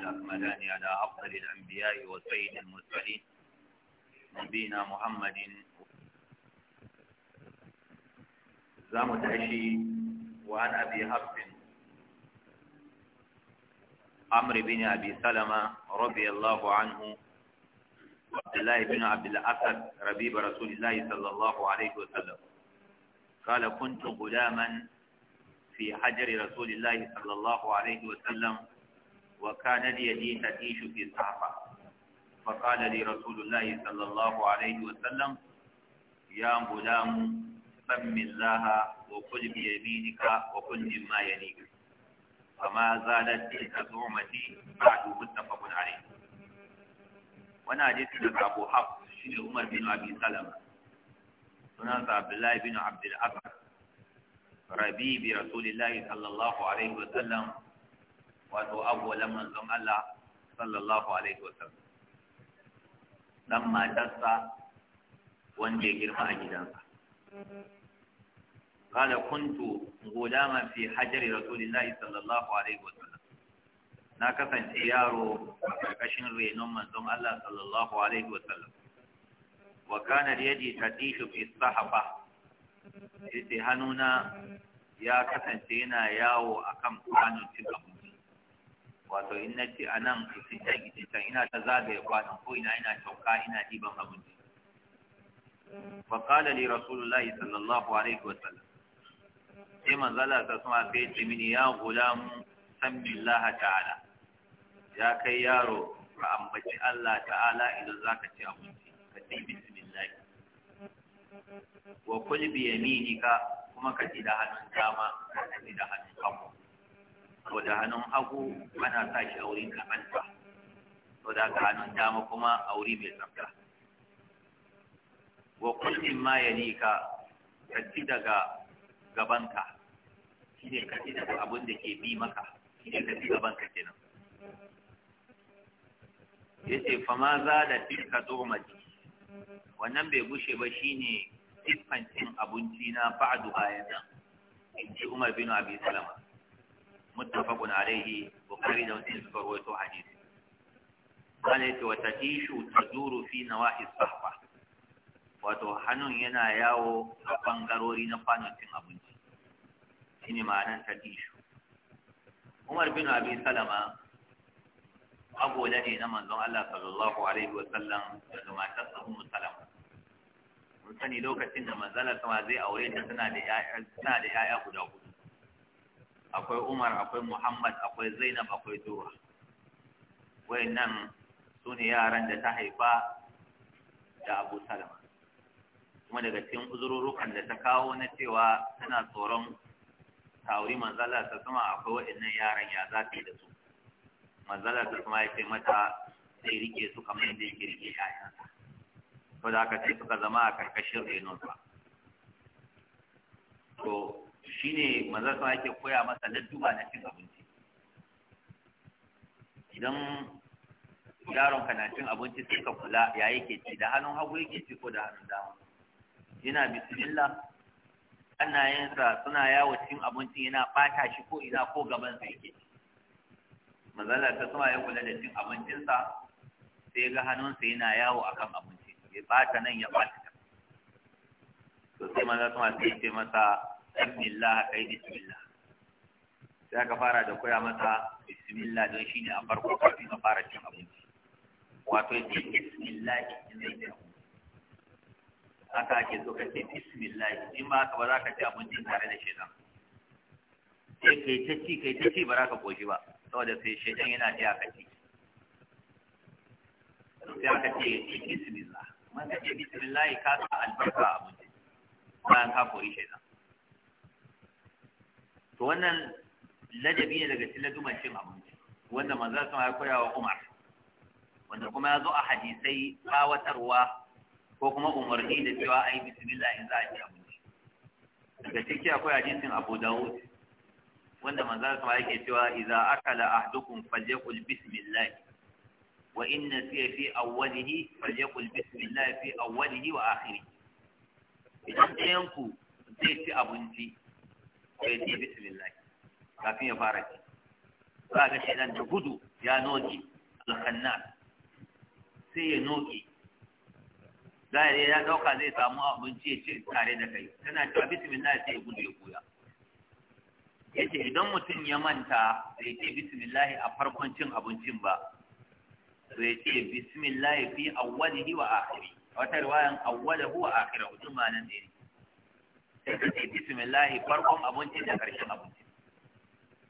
الأكملان على أفضل الأنبياء وسيد المرسلين نبينا محمد زام تعشي وعن أبي حفص عمرو بن أبي سلمة رضي الله عنه عبد الله بن عبد الأسد ربيب رسول الله صلى الله عليه وسلم قال كنت غلاما في حجر رسول الله صلى الله عليه وسلم وكان لي لي تتيش في صحفة فقال لي رسول الله صلى الله عليه وسلم يا غلام سم الله وقل بيمينك وقل مما يليك فما زالت تلك نعمتي بعد متفق عليه وانا جيت لك ابو حق شيخ عمر بن ابي سلمه سنة عبد الله بن عبد الأكبر ربيب رسول الله صلى الله عليه وسلم wato agwalan manzon Allah sallallahu alaihi wasallam dan matarsa wanda ya girma a gidansa قال kuntu غلاما في حجر رسول sallallahu Alaihi الله عليه na kasance yaro a ƙarƙashin renon manzon Allah sallallahu alaihi wa sallam wa kana yadi tatishu fi sahaba yace hannuna ya kasance yana yawo akan kwanon cin wato in na ce a nan isin can ina ta zagaye kwanan ko ina ina shauka ina ɗiban abinci fa qala li rasulullahi sallallahu alaihi wa sallam sai manzala ta sama sai ce mini ya mu, sammi Allah ta'ala ya kai yaro ka ambaci Allah ta'ala idan za ka ci abinci ka ce bismillah wa kul bi yaminika kuma ka ci da hannun dama ka ci da hannun hagu to da hannun hagu ana sa shi a wurin ba, to da ka hannun dama kuma a wuri mai tsafta wa kullum ma ya ni ka kaci daga gabanka shi ne kaci daga abin da ke bi maka shi ne kaci gabanka kenan ya ce fama za da tilka tuhumati wannan bai gushe ba shi ne tiffancin abinci na ba'adu bayan nan in ji umar bin abi salama muttafaqun alaihi bukhari da muslim suka rawaito hadisi kana wata tishu ta taduru fi nawahis sahba wato hannun yana yawo a bangarori na kwanon cin abinci shine ma'anan tishu? Umar bin Abi Salama agola ne na manzon Allah sallallahu alaihi wa sallam da ta Ummu Salama mun sani lokacin da manzon Allah sama zai aure ta suna da ya'ya guda hudu akwai umar akwai muhammad akwai zainab akwai Wai nan su ne yaran da ta haifa da abu salama kuma daga cikin uzururukan da ta kawo na cewa tana tsoron tauri manzala ta sama akwai waɗannan yaran ya za ta yi da su manzala ta sama ya ce mata zai rike su kamar yadda yake rike 'ya'yansa, to da aka ce suka zama a karkashin renonsa to shine ne mazarsa yake koya masa ladduba na cin abinci idan yaron ka na cin abinci sai ka kula ya yake ci da hannun hagu yake ci ko da hannun dama yana bismillah hannayensa suna yawo cin abinci yana bata shi ko ina ko gaban sa ci manzala ta suma ya kula da cin abincinsa sai ga hannunsa yana yawo akan abinci ya bata nan ya bata sosai sai manzala sai ce masa bismillah kai bismillah sai aka fara da koya masa bismillah don shine a farko kafin a fara cin abinci wato ce bismillah in zai ci haka ake so ka ce bismillah in ba ka ba za ka ci abinci tare da shaitan sai kai ta ci kai ta ci ba za ka koshi ba saboda sai shaitan yana ce ka ci sai aka ce bismillah man ka ce bismillah ka sa albarka a abinci. bayan ka kori shaitan to wannan ladabi ne daga cikin laduman cin abinci wanda manzo sun ya koya wa Umar wanda kuma ya zo a hadisai tsawatarwa ko kuma umarni da cewa ayi bismillah in za a ci abinci daga ciki akwai hadisin Abu Dawud wanda manzo sun yake cewa idza akala ahdukum falyakul bismillah wa in nasiya fi awwalihi falyakul bismillah fi awwalihi wa akhirih idan ɗayan ku zai ci abinci sai ce bismillah kafin ya fara ci za ga shaidan da gudu ya noki alkannan sai ya noki zai ya dauka zai samu abinci ya ci tare da kai tana ta bismillah sai ya gudu ya koya yace idan mutum ya manta bai ce bismillah a farkon cin abincin ba bai ce bismillah fi awwalihi wa a wata riwayan awwalahu wa akhirahu duk ma nan ne sai ka bismillahi farkon abinci da ƙarshen abinci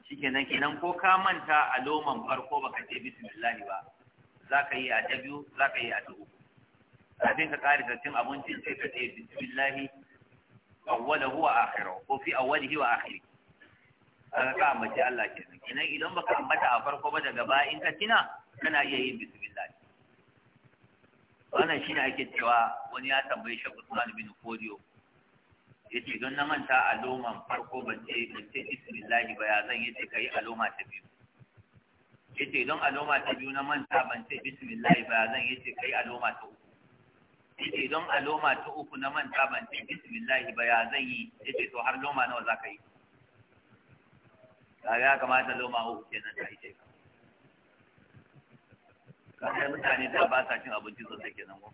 shikenan kenan ko ka manta a loman farko baka ce bismillahi ba za ka yi a ta biyu za ka yi a ta uku kafin ka ƙari cin abinci sai ka ce bismillahi awwalahu wa akhirahu ko fi awwalihi wa akhirihi kaga ka ambaci Allah kenan kenan idan baka ambata a farko ba daga baya in ka tina kana iya yin bismillahi wannan shine ake cewa wani ya tambaye shi Usman bin Kodiyo yace don na manta a loman farko ban ce ce bismillah ba ya zan yace kai a loma ta biyu yace don a loma ta biyu na manta ban ce bismillah ba ya zan yace kai a loma ta uku yace don a loma ta uku na manta ban ce bismillah ba ya zan yi yace to har loma nawa zaka yi kaga ya kamata loma uku kenan ta ka kaga mutane da ba sa cin abinci sosai kenan ko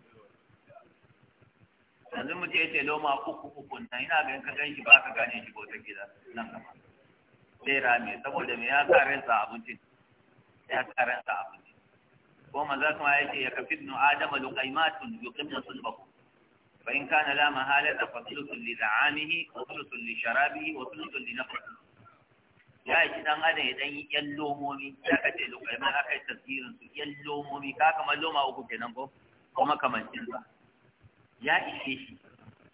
yanzu mu je ce loma uku uku na ina ga ka gan shi ba ka gane shi ta gida nan gaba sai rame saboda me ya sa ransa abincin ya sa ransa abincin ko maza kuma ya ce ya kafi nu adama luqaimatun yuqimna sulbahu fa in kana la mahalata da thulutun li da'amihi wa thulutun li sharabihi wa thulutun li nafsihi ya yi dan adam ya dan yi yan lomomi ya ka ce lokacin aka yi tasirin su yan lomomi ka kamar loma uku kenan ko kuma kamancin sa ya ishe shi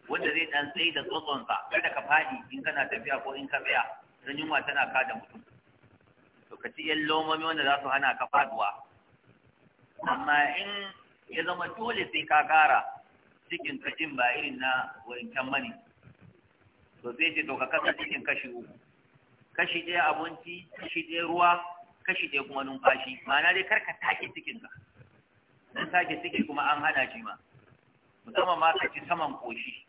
wanda zai dan tsaye da tsotsonsa kada ka faɗi in kana tafiya ko in ka tsaya don yunwa tana kada mutum to ka ci yan lomomi wanda za su hana ka faduwa amma in ya zama dole sai ka kara cikin ka jin ba irin na wancan mani to sai ce to ka kasa cikin kashi uku kashi ɗaya abinci kashi ɗaya ruwa kashi ɗaya kuma numfashi ma'ana dai kar ka take cikin ka in take ciki kuma an hana shi ma musamman ma ka ci saman koshi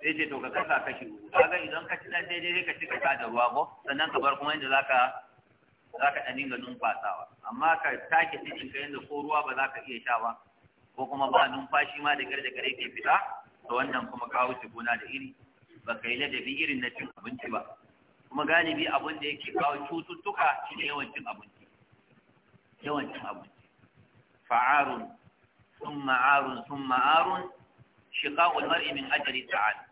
sai ce to ka kasa kashi uku ga idan ka ci dan daidai sai ka ci ka sa da ruwa ko sannan ka bar kuma inda zaka zaka dan ga numfasawa amma ka take cikin ka yanda ko ruwa ba za ka iya sha ba ko kuma ba numfashi ma da gare da gare ke fita to wannan kuma ka wuce gona da iri ba ka yi ladabi irin na cin abinci ba kuma galibi abin da yake kawo cututtuka shi ne yawan cin abinci yawan cin abinci fa'arun ثم عار ثم عار شقاء المرء من أجل السعادة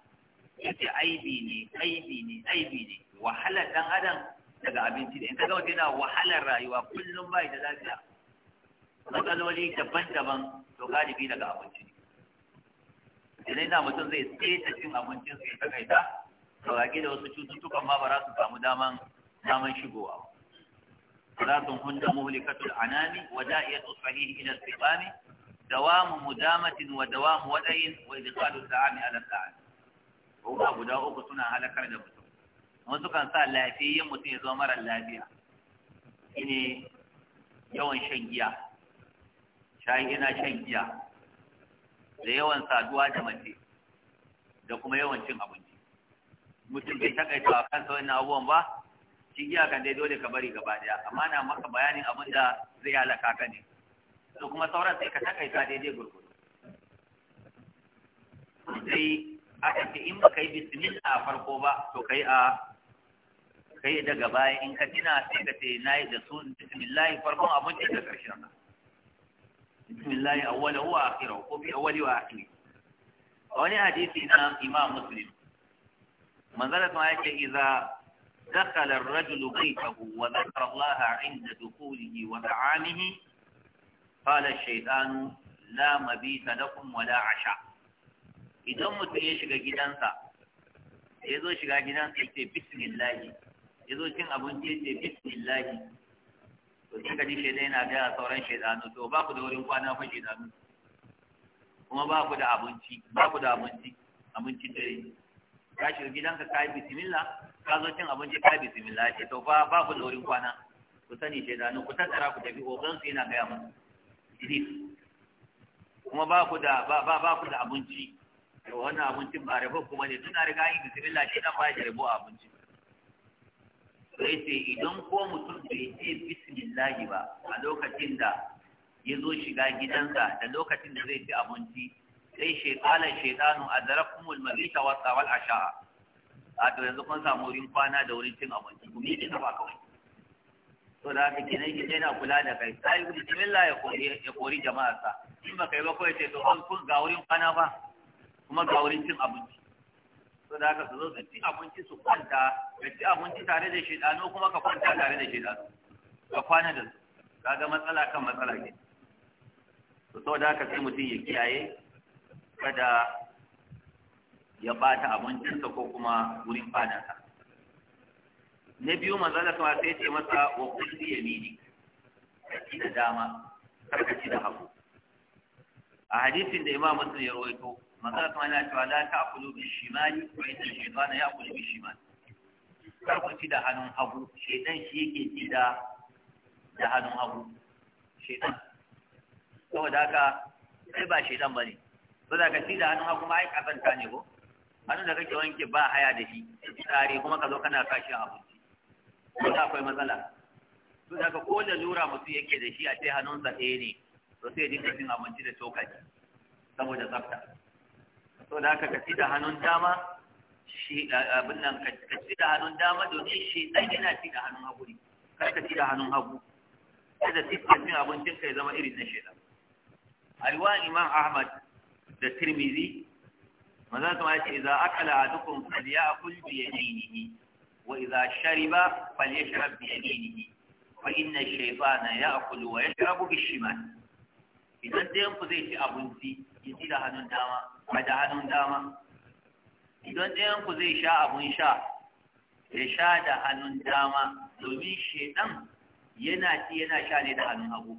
yace aibi ne aibi ne aibi ne wahalar dan adam daga abinci da in kaga yana wahalar rayuwa kullum bai da lafiya matsaloli daban-daban to galibi daga abinci ne idan da mutum zai tsaye cin abincin sai ta kaita sauraki da wasu cututtukan ma ba za su samu daman daman shigowa ba. Salatun hunda muhlikatul anami wa da'iyatu sahihi ila al-sibami دوام مدامة wa ودين wadayin wa idqalu ta'ami ala ta'am ruwa guda uku suna halakar da mutum wasu kan sa lafiyayyen mutum ya zama mara lafiya shine yawan shan giya shayi yana shan giya da yawan saduwa da mace da kuma yawan cin abinci mutum bai takaita a kansa abubuwan ba shi giya kan dai dole ka bari gaba daya amma na maka bayanin abin da zai halaka ka ne da kuma sauran sai ka takaita daidai gurgudu sai a ce in ba ka yi bismillah a farko ba to kai a kai daga baya in ka tina sai ka ce na yi da su bismillah farkon abinci da ƙarshen ka bismillah awwala wa akhirah ko bi awwali wa A wani hadisi na imam muslim manzala kuma ya idza iza, ar-rajulu baytahu wa dhakara Allah 'inda dukhulihi qala shaytanu la mabita lakum wala asha idan mutum ya shiga gidansa ya zo shiga gidansa ya ce bismillahi ya zo cin abinci ya ce bismillahi to sai ji shaidan yana gaya sauran shaidanu to ba ku da wurin kwana fa shaidanu kuma ba ku da abinci ba ku da abinci abinci dare ka shiga gidanka ka yi bismillah ka zo cin abinci ka yi bismillah to ba ba ku da wurin kwana ku sani shaidanu ku tattara ku tafi ogan su yana gaya musu idris kuma ba ku da ba ba ku da abinci to wannan abincin ba rabo kuma ne tuna riga yi bismillah shi dan ba ya rabo abinci sai sai idan ko mutum bai ce bismillah ba a lokacin da ya zo shiga gidansa da lokacin da zai ci abinci sai shekalan shaitanu a zarakumul mabita wa tsawal asha a to yanzu kun samu wurin kwana da wurin cin abinci gumi ne na ba kawai to da haka kenan ki daina kula da kai sai bismillah ya kori ya kori jama'a sa in ba kai ba ko ce to an kun ga wurin kwana ba kuma ga wurin cin abinci to da haka su zo su ci abinci su kwanta ka ci abinci tare da shedano kuma ka kwanta tare da shedano ka kwana da su kaga matsala kan matsala ke to da, haka sai mutum ya kiyaye kada ya bata abincinsa ko kuma wurin sa. na biyu manzala kuma sai ce masa wa kulli yamini ka ci da dama kar ka ci da hagu a hadisin da imam muslim ya rawaito manzala kuma yana cewa la ta'kulu bi shimali wa inna ya ya'kulu bi shimali kar ku ci da hannun hagu shaytan shi yake ci da da hannun hagu shaytan saboda haka sai ba shaytan bane za ka ci da hannun hagu ma ai kasanta ne ko hannun da kake wanke ba haya da shi tsari kuma ka zo kana kashi abu da akwai matsala to da ka ko lura mutum yake da shi a ce hannunsa ɗaya ne to sai dinka cin abinci da cokali saboda tsafta to da ka kaci da hannun dama shi abin nan ka ci da hannun dama domin shi ɗan yana ci da hannun hagu ne kar ka ci da hannun hagu da tikkar cin abincin ka ya zama irin na shi. a Iman, imam ahmad da tirmizi manzon kuma ya ce idza akala ahadukum falyakul bi yaminihi وإذا شرب فليشرب بيمينه فإن الشيطان يأكل ويشرب بالشمال إذا دين zai ci abinci ya ci da hannun dama ba da hannun dama idan ɗayan zai sha داما sha ya sha da hannun dama domin shaidan yana sha da hannun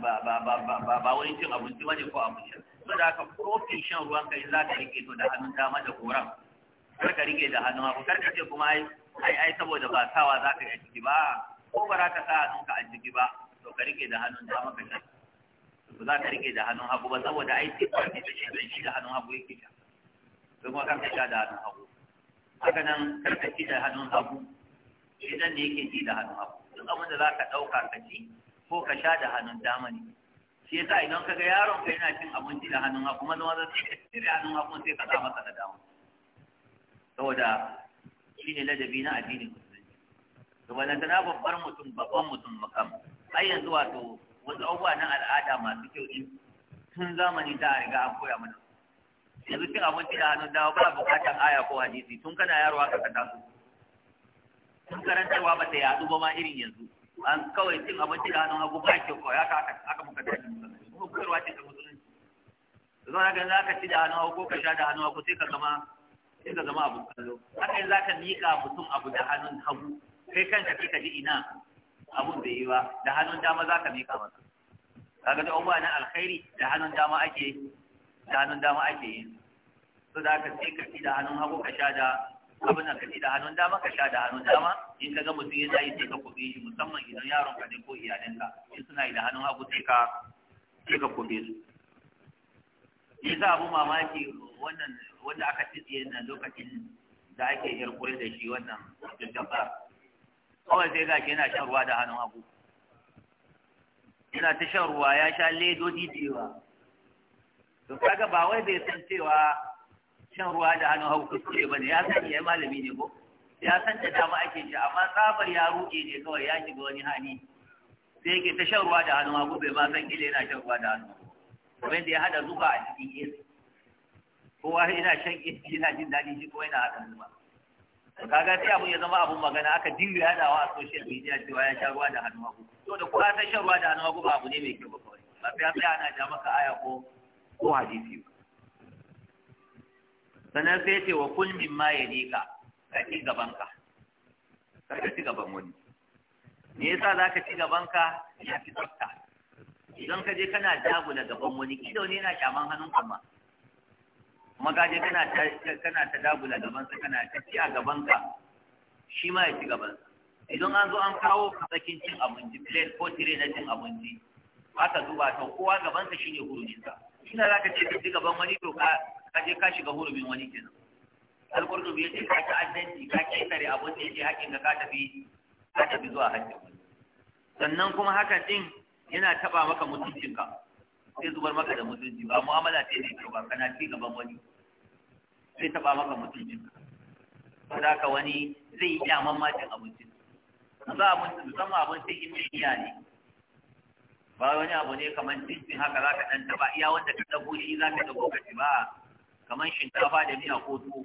ba ba wani cin abinci wani ko abinci saboda haka kofin shan ruwan kai za ka rike to da hannun dama da koran karka rike da hannu abu karka ce kuma ai ai saboda ba sawa za ka yi a ciki ba ko ba za ka sa a hannunka a ciki ba to ka rike da hannun da maka shi ba za ka rike da hannun hagu ba saboda ai sai kwanci da shi zai shi da hannun hagu yake ta to kuma karka sha da hannun hagu haka nan karka ci da hannun hagu shi dan ne yake ci da hannun hagu duk abin da za ka ɗauka ka ci ko ka sha da hannun dama ne shi yasa idan kaga yaron ka yana cin abinci da hannun hagu maza maza sai ka cire hannun hagu sai ka sa masa da dama saboda shi ne ladabi na addinin musulunci gabanin na babbar mutum babban mutum makam ai yanzu wato wasu abubuwa na al'ada masu kyau din tun zamani da riga an koya mana yanzu cin abinci da hannun dawa ba buƙatar aya ko hadisi tun kana yaro aka ka taso tun karantarwa ba ta yaɗu ba ma irin yanzu an kawai cin abinci da hannun hagu ba kyau kawai aka aka muka tashi musulunci kuma koyarwa ce ta musulunci zo na ganin aka ci da hannun hagu ko ka sha da hannun hagu sai ka zama sai ka zama abun kallo haka yanzu zaka miƙa mutum abu da hannun hagu kai kanka kika ji ina abun da yi ba da hannun dama zaka miƙa masa kaga da abubuwa na alkhairi da hannun dama ake da hannun dama ake yin so da ka sai ka ci da hannun hagu ka sha da abin da ka ci da hannun dama ka sha da hannun dama in ka ga mutum yana yi sai ka kuɗe shi musamman idan yaron ka ne ko iyalinka in suna yi da hannun hagu sai ka sai ka kuɗe su shi za abu mamaki wannan wanda aka tsaye nan lokacin da ake irkure da shi wannan jabbar kawai sai gashi yana shan ruwa da hannun abu yana ta shan ruwa ya sha ledo da to kaga ba wai bai san cewa shan ruwa da hannun hagu kuskure bane ya san ya malami ne ko ya san da dama ake shi amma tsabar ya ruɗe ne kawai ya shiga wani hali. sai yake ta shan ruwa da hannun hagu bai ma san kile yana shan ruwa da hannun kamar da ya haɗa zuba a cikin AC kowa yana shan AC yana jin daɗi shi kuma yana hada zuba kaga sai abun ya zama abun magana aka dinga hadawa a social media cewa ya sha ruwa da hannu hagu to da kowa ta shan ruwa da hannu hagu ba abu ne mai kyau ba kawai ba sai tsaya ana ja maka aya ko ko hadisi sannan sai ce wa kul ma ya ka ci gaban ka ci gaban wani me yasa zaka ci ka ya fi tsafta idan ka je kana dagula gaban wani ido ne yana kyaman hannun kama kuma ka je kana ta dagula gaban sa kana ta ci a gaban ka shi ma ya ci gaban sa idan an zo an kawo ka kasakin cin abinci plate ko tire na cin abinci ba ka duba to kowa gaban sa shine hurumin sa ina ka ce ka ci gaban wani to ka ka je ka shiga hurumin wani kenan alƙurdubi ya ce ka ci addanci ka ketare abin da ya ce haƙƙin ka tafi ka tafi zuwa hajji sannan kuma haka din yana taba maka mutuncinka sai zubar maka da mutunci ba mu'amala ce ne ba kana ci gaban wani sai taba maka mutuncinka ko da ka wani zai yi kyaman macin abincin za a mutu musamman sai in mai iya ne ba wani abu ne kamar cincin haka za ka ɗan taba iya wanda ka ɗago shi za ka ɗago ka ci ba kamar shinkafa da miya ko tuwo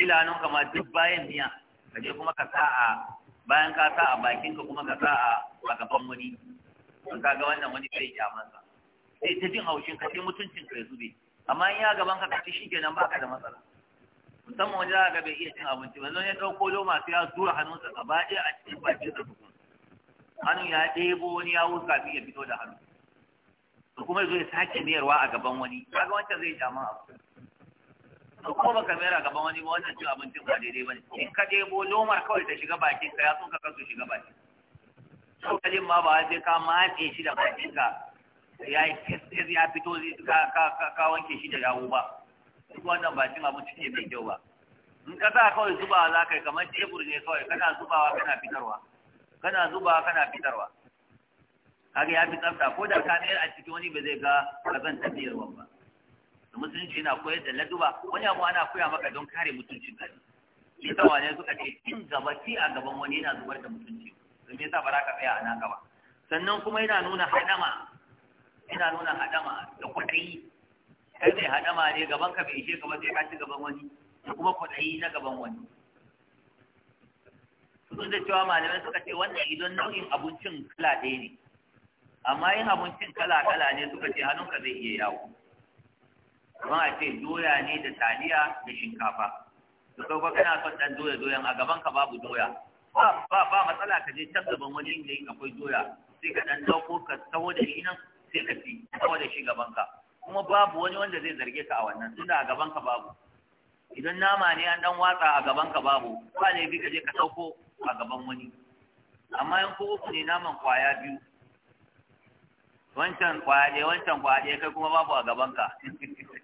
ilanun kamar duk bayan miya ka je kuma ka sa a bayan ka sa a bakin ka kuma ka sa a a gaban wani Ka ga wannan wani zai ja masa sai ta jin haushin ka sai mutuncin ka ya zube amma in ya gaban ka kaci shikenan baka da matsala musamman wani za ga bai iya cin abinci ba zan ya dauko loma sai ya zura hannunsa gaba ɗaya a cikin bakin sa tukun hannun ya ɗebo wani ya wuce kafin ya fito da hannu to kuma zo ya sake mayarwa a gaban wani kaga wancan zai ja ma abu to ko baka mayar a gaban wani ba wannan cin abincin ba daidai ba ne. in ka ɗebo lomar kawai ta shiga bakin ka ya so ka kasu shiga bakin cokalin ma ba sai ka matse shi da bakinka ya yi fesfes ya fito ka wanke shi da yawo ba duk wannan ba cin abinci ne mai kyau ba in ka sa kawai zubawa za ka yi kamar tebur ne kawai kana zubawa kana fitarwa kana zubawa kana fitarwa kaga ya fi tsafta ko da ka a cikin wani ba zai ga kazan tafiyarwa ba da musulunci yana koyar da laduba wani abu ana koya maka don kare mutuncin gari shi ne suka ce in gaba ci a gaban wani yana zubar da mutunci yanzu me yasa ba za ka tsaya a naka ba sannan kuma yana nuna hadama yana nuna hadama da kwaɗayi kai mai hadama ne gaban ka bai ishe ka ba sai ka ci gaban wani da kuma kwaɗayi na gaban wani sun da cewa malamai suka ce wannan idan nau'in abincin kala ɗaya ne amma yin abincin kala kala ne suka ce hannunka zai iya yawo kuma a ce doya ne da taliya da shinkafa da kai kana son dan doya doyan a gaban ka babu doya ba ba ba matsala ka je can gaban wani inda yin akwai doya sai ka dan dauko ka tawo da shi nan sai ka ci tawo da shi gaban ka kuma babu wani wanda zai zarge ka a wannan tunda a gaban ka babu idan nama ne an dan watsa a gaban ka babu ba ne bi ka je ka dauko a gaban wani amma in ko uku ne naman kwaya biyu wancan kwaya ɗaya wancan kwaya ne kai kuma babu a gaban ka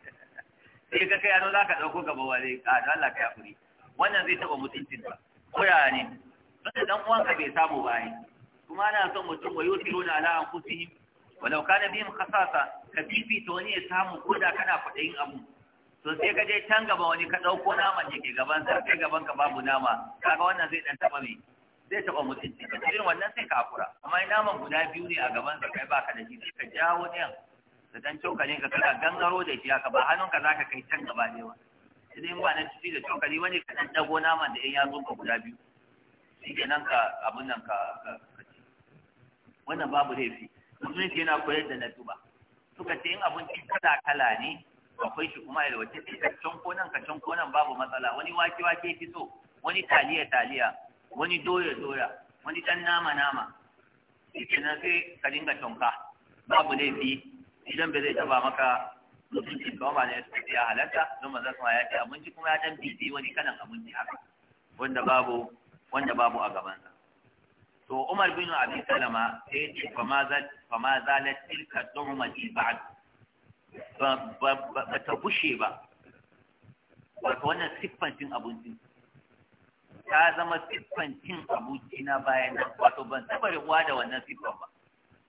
sai ka kai yano za ka ɗauko gaba wale a Allah ka yakuri wannan zai taɓa mutuncin ba ko yaya ne wanda dan uwanka bai samu ba yi. kuma ana son mutum wa na ala anfusihim walau na bihim khasasa ka fifita wani ya samu ko da kana faɗayin abu to sai ka je can gaba wani ka ɗauko naman ne ke gaban sa kai gaban ka babu nama kaga wannan zai dan taɓa mai zai taɓa mutunci irin wannan sai ka kura amma naman guda biyu ne a gaban sa kai baka da shi ka jawo ɗayan da dan ne ka kana gangaro da shi ka ba hannunka zaka kai can gaba ne wa idan ba na ciki da cokali wani ka dan dago naman da ɗan yatsun ka guda biyu shi nan ka abin nan ka wannan babu laifi yake yana koyar da na tuba suka ce in abinci kala kala ne akwai shi kuma yalwace sai ka canko nan ka canko nan babu matsala wani wake wake fi so wani taliya taliya wani doya doya wani dan nama nama shi nan sai ka dinga canka babu laifi idan bai zai taba maka mutunci ba ma ne ya halatta don su ma ya ce abinci kuma ya dan bibi wani kanan abinci haka wanda babu wanda babu a gabansa to Umar bin Abi Salama sai ya ce fa ma za fa ma zalat tilka du'mati ba ta bushe ba wato wannan siffantin abincin ta zama siffantin abinci na bayan nan wato ban taɓa ruwa da wannan siffan ba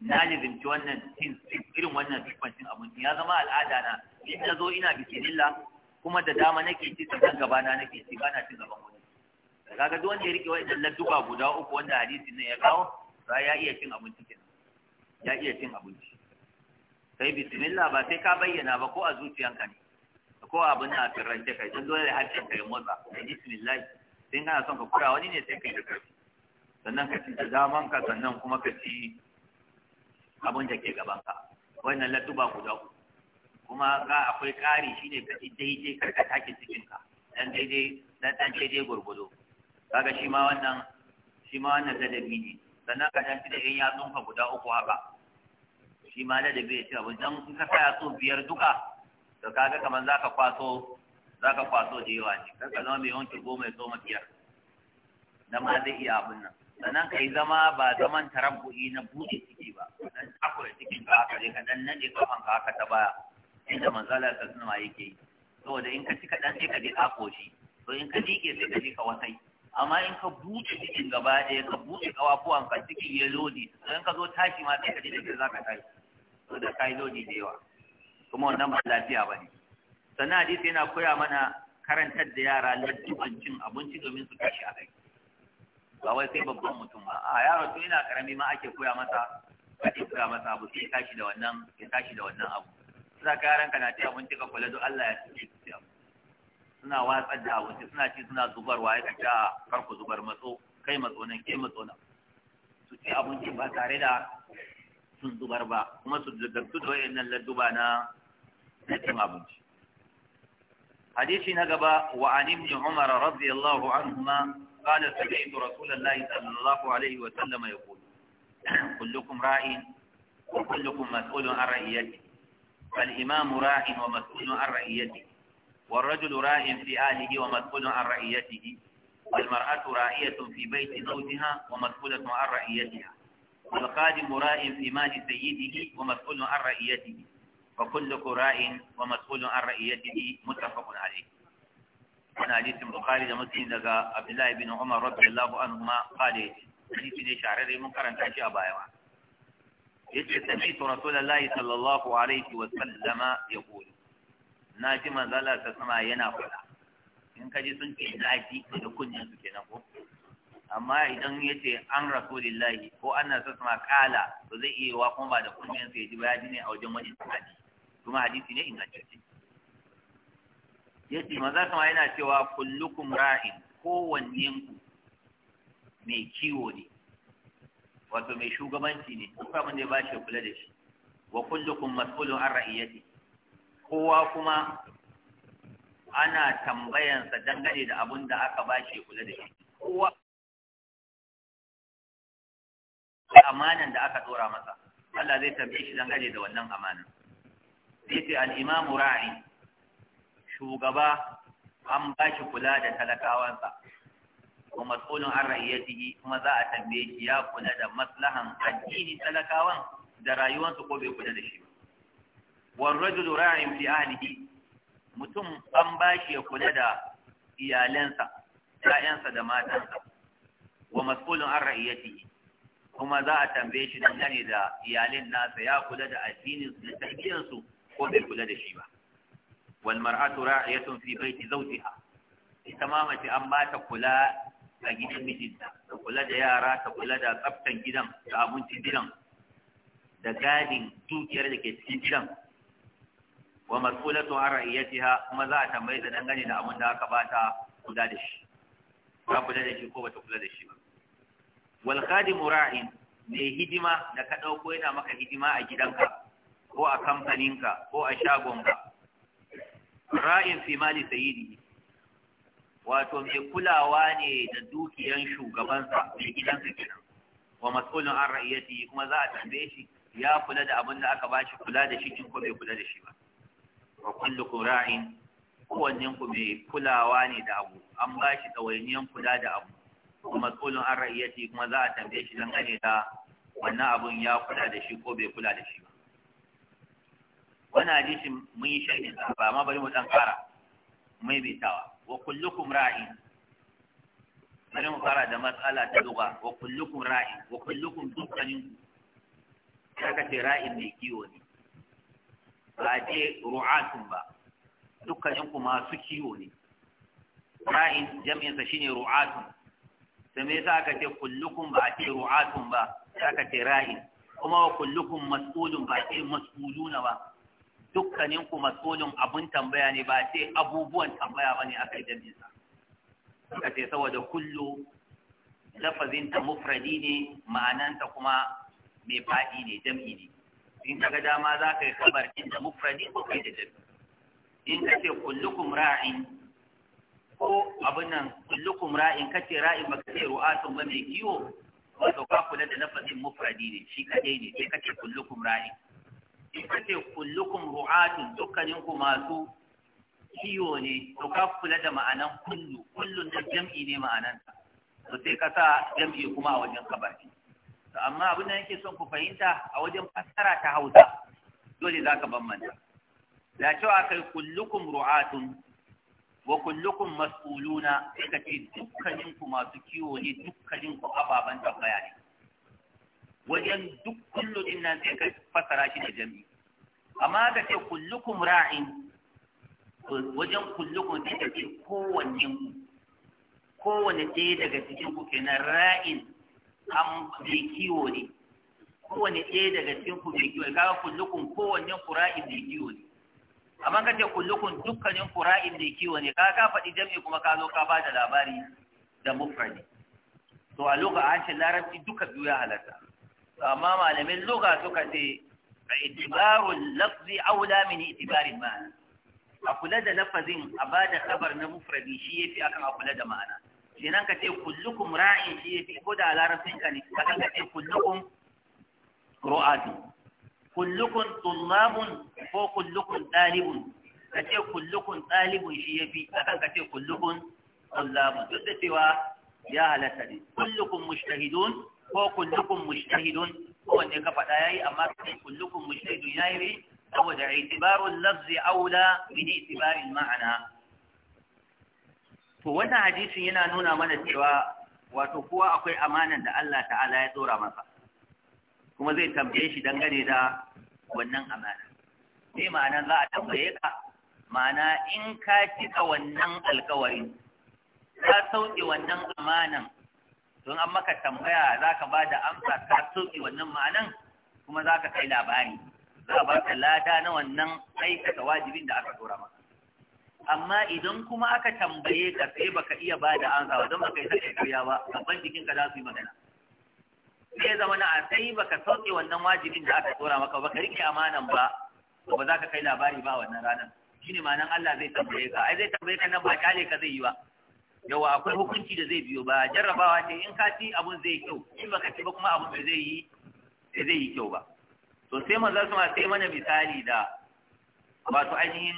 na lizimci wannan cin irin wannan siffancin abinci ya zama al'ada na in na zo ina bikinilla kuma da dama nake ci sannan gabana nake ci bana cin gaban wani kaga duk wanda ya rike wa'annan ladduba guda uku wanda hadisin nan ya kawo sai ya iya cin abinci kenan ya iya cin abinci sai bismillah ba sai ka bayyana ba ko a zuciyanka ne ko abin da a firance kai don dole harshen ka ya motsa kai bismillah sai kana son ka kura wani ne sai yi da karfi sannan ka ci zaman ka sannan kuma ka ci abin da ke gaban ka wannan ladduka guda uku kuma ga akwai ƙari shine ka ci daidai karkata ke cikin ka dan daidai dan daidai gurgudo kaga shi ma wannan shi ma wannan ladabi ne sannan ka tafi da 'yan yatsunka guda uku haka shi ma ladabi ya ce abu dan in ka sa yatsu biyar duka to kaga kamar za ka kwaso za ka kwaso da yawa ne kar ka zama mai wanke goma ya soma biyar na ma zai iya abin nan sannan ka yi zama ba zaman tarabbu'i na buɗe ciki ba dan akwai cikin ka haka ne ka dan nade kafan ka haka ta baya inda manzala ta ma yake yi saboda in ka ci kaɗan sai ka je ako shi to in ka dike sai ka je ka wasai amma in ka buɗe cikin gaba ɗaya ka buɗe kawafuwan ka cikin ya lodi in ka zo tashi ma ɗaya da ɗaya za ka tashi to da kai lodi da yawa kuma wannan ba lafiya ba ne sannan hadisi yana koya mana karantar da yara ladduban cin abinci domin su tashi a kai ba wai sai babban mutum ba a yaro tun yana karami ma ake koya masa ake koya masa abu sai tashi da wannan ya tashi da wannan abu sai ka yaran ka na ci abinci ka kula don Allah ya ci abu suna watsar da abinci suna ci suna zubar wa ya kace ah, kar ku zubar matso kai matso nan ke matso nan su ci abinci ba tare da sun zubar ba kuma su dagartu da wayannan ladduba na na cin abinci hadisi na gaba wa an ibn umar radiyallahu anhuma قال سمعت رسول الله صلى الله عليه وسلم يقول كلكم راع وكلكم مسؤول عن رعيته فالإمام راع ومسؤول عن رعيته والرجل راع في أهله ومسؤول عن رعيته والمرأة راعية في بيت زوجها ومسؤولة عن رعيتها والقادم راع في مال سيده ومسؤول عن رعيته وكل راع ومسؤول عن رعيته متفق عليه أنا حديث البخاري ومسلم لقى عبد الله بن عمر رضي الله عنهما قال حديث ليش شعري منكر أن تأشي أبا يوان سمعت رسول الله صلى الله عليه وسلم يقول na ji manzala ta sama yana faɗa in ka ji sun ce na ji da kunyan su kenan ko amma idan ya ce an rasulillahi ko an nasu sama kala to zai iya wa kuma ba da kunyan su ya ji ba ya ji ne a wajen wani tsadi kuma hadisi ne ingantacce ya ce maza sama yana cewa kullukum ra'in kowanne ku mai kiwo ne wato mai shugabanci ne duk abin da ya ba shi kula da shi wa kullukum mas'ulun ar ra'iyati kowa kuma ana tambayansa dangane da abun da aka ba shi kula da shi kowa amanan da aka tsora masa Allah zai tambaye shi dangane da wannan amana sai ce al'imamu ra'ayi shugaba an ba shi kula da talakawansa wa mas'ulun an yi kuma za a tambaye shi ya kula da maslahan addini talakawan da rayuwansu ko bai kula da shi ba والرجل راع في أهله mutum an ba shi ya kula da iyalansa, ‘ya'yansa da matansa, wa mas'ulun an ra'iyyati, kuma za a tambaye shi dangane da iyalin nasa ya kula da addininsu da tarbiyyarsu ko bai kula da shi ba. Wal mar'atu ra'iyatun fi baiti zawjiha. Ita ma mace an ba ta kula a gidan mijinta, ta kula da yara, ta kula da tsaftan gidan, da abincin gidan, da gadin dukiyar da ke cikin gidan, wa mas'ulatu an ra'iyatiha kuma za a tambaye ta dangane da abin da aka ta kula da shi ta kula da shi ko ta kula da shi ba wal khadimu ra'in mai hidima da ka dauko yana maka hidima a gidanka ko a kamfaninka ko a shagonka ra'in fi mali sayyidi wato mai kulawa ne da dukiyan shugabansa mai gidansa kenan wa mas'ulun an ra'iyati kuma za a tambaye shi ya kula da abin da aka ba shi kula da shi kin ko bai kula da shi ba wa kullukum ra'in kowannen ku mai kulawa ne da abu an ba shi ɗawainiyan kula da abu kuma tsolin an ra'ayyati kuma za a tambaye shi gane da wannan abun ya kula da shi ko bai kula da shi ba wannan hadisi mun yi shaidin sa ba ma bari mu dan kara maimaitawa wa kullukum ra'in bari mu fara da matsala ta duba wa kullukum ra'in wa kullukum dukkanin ku ce ra'in mai kiwo ne ba a ce ru'atun ba dukkanin ku masu kiwo ne ra'in jam'insa ne ru'atun da me za aka ce kullukun ba a ce ru'atun ba za ka ce ra'in kuma wa kullukun mas'ulun ba a ce mas'uluna ba dukkanin ku mas'ulun abun tambaya ne ba a ce abubuwan tambaya ba ne a kai jam'insa ka ce saboda kullu lafazinta mufradi ne ma'ananta kuma mai faɗi ne jam'i ne in ka ga dama za ka yi kabar inda mufradi ko kai da jami in ka ce kullukum ra'in ko abin nan kullukum ra'in ka ce ra'in ba ka ce ru'atun ba mai kiwo wato ka kula da lafazin mufradi ne shi kadai ne sai ka ce kullukum ra'in in ka ce kullukum ru'atun dukkanin ku masu kiwo ne to ka kula da ma'anan kullu kullun da jam'i ne ma'anansa to sai ka sa jam'i kuma a wajen kabar to amma abin da yake son ku fahimta a wajen fassara ta Hausa dole za ka bambanta da cewa kai kullukum ru'atun wa kullukum mas'uluna ka ce dukkanin ku masu kiwo ne dukkanin ku ababan tambaya ne wajen duk kullu din nan sai ka fassara shi da jami'i amma ka ce kullukum ra'in wajen kullukum sai ka ce kowanne ku kowanne ɗaya daga cikin ku kenan ra'in an mai kiwo ne kowane ɗaya daga cikin ku mai kiwo ne kaga kullukun kowanne kura'in mai kiwo ne amma kace kullukun dukkanin kura'in mai kiwo ne kaga ka faɗi jami'i kuma ka zo ka ba da labari da mufradi to a lokacin harshen larabci duka biyu ya halarta amma malamin lugha suka ce itibaru lafzi aula min itibaril ma'ana a kula da lafazin a ba da kabar na mufradi shi yafi akan a kula da ma'ana kenan ka ce kullukum ra'in shi yafi ko da larabcin ka ne kaga ka ce kullukum ru'ati kullukum tullabun ko kullukum dalibun ka ce kullukum dalibun shi yafi kaga ka ce kullukum tullabun duk da cewa ya halatta ne kullukum mujtahidun ko kullukum mujtahidun ko wanda ka faɗa yayi amma ka ce kullukum mujtahidun yayi saboda itibarul lafzi aula bi itibaril ma'ana to wannan hadisin yana nuna mana cewa wato kowa akwai amanan da Allah ta'ala ya tsora masa kuma zai tambaye shi dangane da wannan amana sai ma'ana za a tambaye ka ma'ana in ka cika wannan alkawarin ka sauke wannan amanan don an maka tambaya za ka ba da amsa ka sauke wannan ma'anan kuma za ka kai labari za a ba ka lada na wannan aikata wajibin da aka tsora maka amma idan kuma aka tambaye ka sai baka iya ba da ansa ba don baka yi sake karya ba gaban jikinka za su yi magana sai zama na sai baka sauke wannan wajibin da aka tsora maka baka rike amanan ba to ba za ka kai labari ba wannan ranar shine ma'anan Allah zai tambaye ka ai zai tambaye ka nan ba kyale ka zai yi ba yawa akwai hukunci da zai biyo ba jarrabawa ce in ka ci abun zai kyau in baka ci ba kuma abun zai yi zai yi kyau ba to sai manzo sama sai mana misali da wato ainihin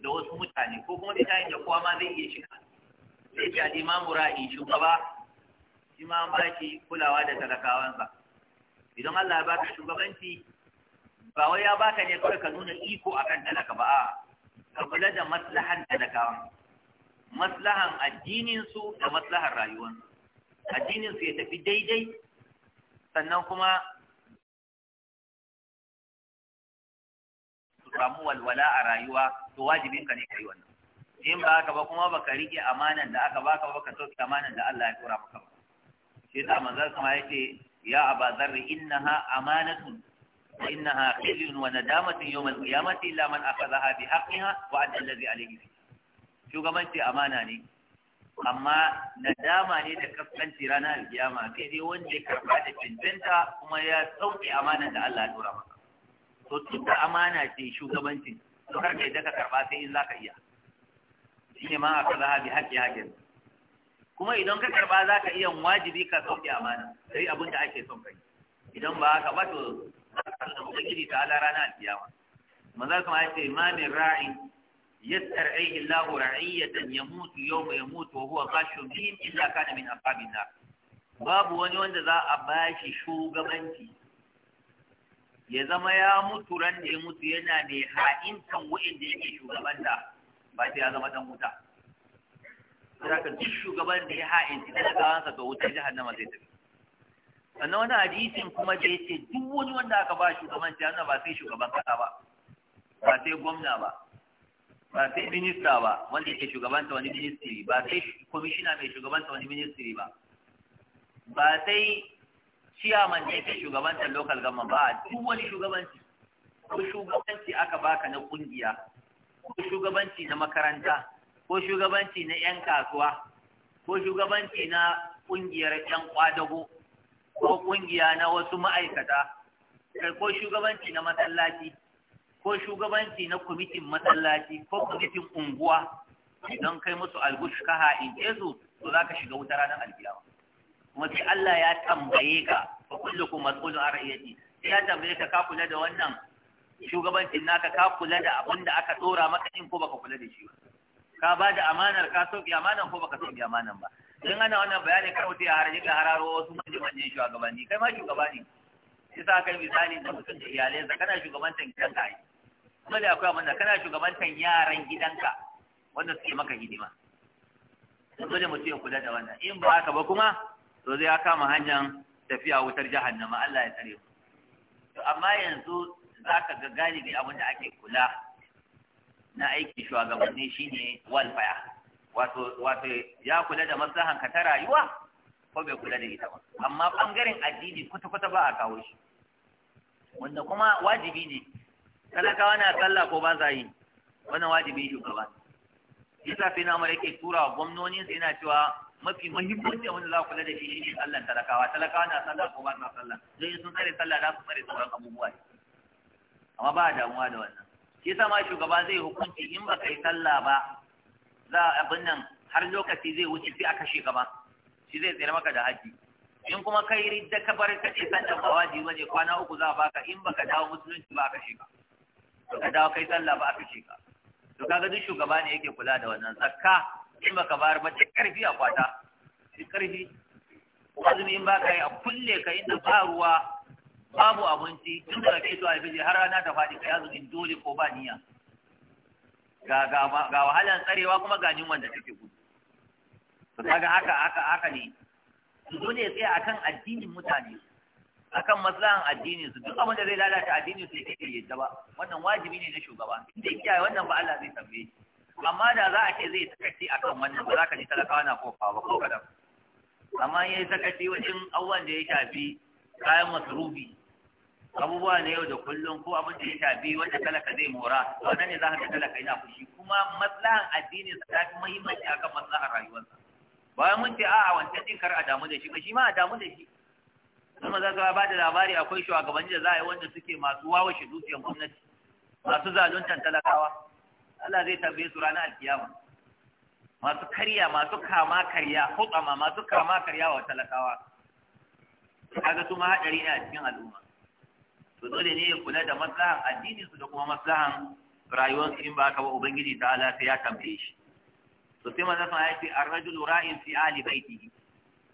da wasu mutane ko kuma da da kowa ma zai iya shiga sai ce al'imamu ra'ayi shugaba shi ma an baki kulawa da talakawansa idan Allah ya ka shugabanci ba wai ya baka ne kawai ka nuna iko a kan talaka ba ka kula da maslahan talakawan maslahan addininsu da maslahan addinin addininsu ya tafi daidai sannan kuma samu walwala a rayuwa to wajibin ka ne kai wannan in ba ka ba kuma baka rike amanan da aka baka ba ka sauke amanan da Allah ya tura maka ba shi yasa manzon sama yace ya aba zarri innaha amanatun wa innaha khilyun wa nadamatun yawm al-qiyamati illa man akhadhaha bi haqqiha wa adda alladhi alayhi ce amana ne amma nadama ne da kaskanci ranar alkiyama sai dai wanda ya karba da cancanta kuma ya sauke amanan da Allah ya tura maka to duk da amana ce shugabancin to har kai daga karba sai in zaka iya shine ma aka zaha bi haƙƙi haƙƙin kuma idan ka karba zaka iya wajibi ka sauke amana sai abin da ake son kai idan ba haka ba to ubangiji ta ala rana alkiyama manzo kuma ya ce ma min ra'i yastar'ihi Allahu ra'iyatan yamutu yawma yamutu wa huwa ghashun bihim illa kana min aqabin nar babu wani wanda za a bashi shugabanci ya zama ya mutu ran da ya mutu yana ne wa'in da yake shugabanta ba sai ya zama dan wuta ka duk shugaban da ya ha'inci talakawansa to wutar jahannama zai tafi sannan wani hadisin kuma da yake ce duk wani wanda aka ba shugabanci yana ba sai shugaban kasa ba ba sai gwamna ba ba sai minista ba wanda yake shugabanta wani ministry ba sai kwamishina mai shugabanta wani ministry ba ba sai ciyaman da yake shugabantar local government ba duk wani shugabanci ko shugabanci aka baka na kungiya ko shugabanci na makaranta ko shugabanci na 'yan kasuwa ko shugabanci na kungiyar 'yan kwadago ko kungiya na wasu ma'aikata kai ko shugabanci na masallaci ko shugabanci na kwamitin masallaci ko kwamitin unguwa don kai musu algush ka ha'in su to za ka shiga wuta ranar alkiyama mace Allah ya tambaye ka fa kullukum mas'ulun an ra'iyati sai ya tambaye ka ka kula da wannan shugabancin naka ka kula da abin da aka tsora maka in ko baka kula da shi ka ba da amanar ka ki amanar ko baka ki amanar ba Idan ana wannan bayani kar wuce har haraji ka hararo wasu manje manje shugabanni kai ma shugaba ne ta kai misali da mutum da iyalansa kana shugabantan gidanka ai kuma da akwai wanda kana shugabantan yaran gidanka wanda suke maka hidima dole mutum ya kula da wannan in ba haka ba kuma to zai ya kama hanyar tafiya wutar jahannama Allah ya tsare to amma yanzu ka ga galibi abin da ake kula na aiki shugabanni shine walfaya wato wato ya kula da maslahan ka ta rayuwa ko bai kula da ita ba amma bangaren addini kwata kwata ba a kawo shi wanda kuma wajibi ne talakawa na tsalla ko ba za yi wannan wajibi shugaba isa fina na mara yake tura wa gwamnonin sai yana cewa mafi muhimmanci wanda za ku da shi shine sallan talakawa talakawa na sallah ko ba na sallah don sun tsare sallah za su tsare sauran abubuwa amma ba a damuwa da wannan shi sama ma shugaba zai hukunci in ba yi sallah ba za abin nan har lokaci zai wuce sai aka shiga gaba shi zai tsere maka da haji in kuma kai ridda ka bar ka ce sallah ba wajibi bane kwana uku za a baka in baka dawo musulunci ba aka shiga to ka dawo kai sallah ba aka ka to kaga duk shugaba ne yake kula da wannan tsaka? in baka bayar ba duk karfi a kwata duk karfi azumi in baka yi a kulle ka inda ba ruwa babu abinci tun da ke zuwa alfiji har rana ta faɗi ka ya azumin dole ko ba niyya ga wahalar tsarewa kuma ga yunwan da take gudu to kaga haka haka haka ne su dole ya a kan addinin mutane a kan maslahan addinin su duk abin da zai lalata addinin su ke yadda ba wannan wajibi ne na shugaba inda kiyaye wannan ba Allah zai tambaye shi amma da za a ce zai a kan wannan ba za ka ji talaka na kofa ba ko kadan amma yayi takaci wajen abubuwan da ya shafi kayan masrufi abubuwa na yau da kullum ko abin da ya shafi wanda talaka zai mora wannan ne za ka talaka ina fushi kuma maslahan addinin sa ta fi muhimmanci akan maslahan rayuwarsa bayan mun ce a wancan din kar a damu da shi ba shi ma a damu da shi kuma za ka ba da labari akwai shugabanni da za a yi wanda suke masu wawashe dukiyar gwamnati masu zaluntan talakawa Allah zai tambaye su ranar alkiyama masu karya masu kama karya hutsama masu kama karya wa talakawa kaga su ma hadari ne a cikin al'umma to dole ne ya kula da maslahan addinin su da kuma maslahan rayuwar su in ba ka ba ubangiji ta Allah sai ya tambaye shi to sai manzo sai ya ce ar rajul ra'in fi ahli baitihi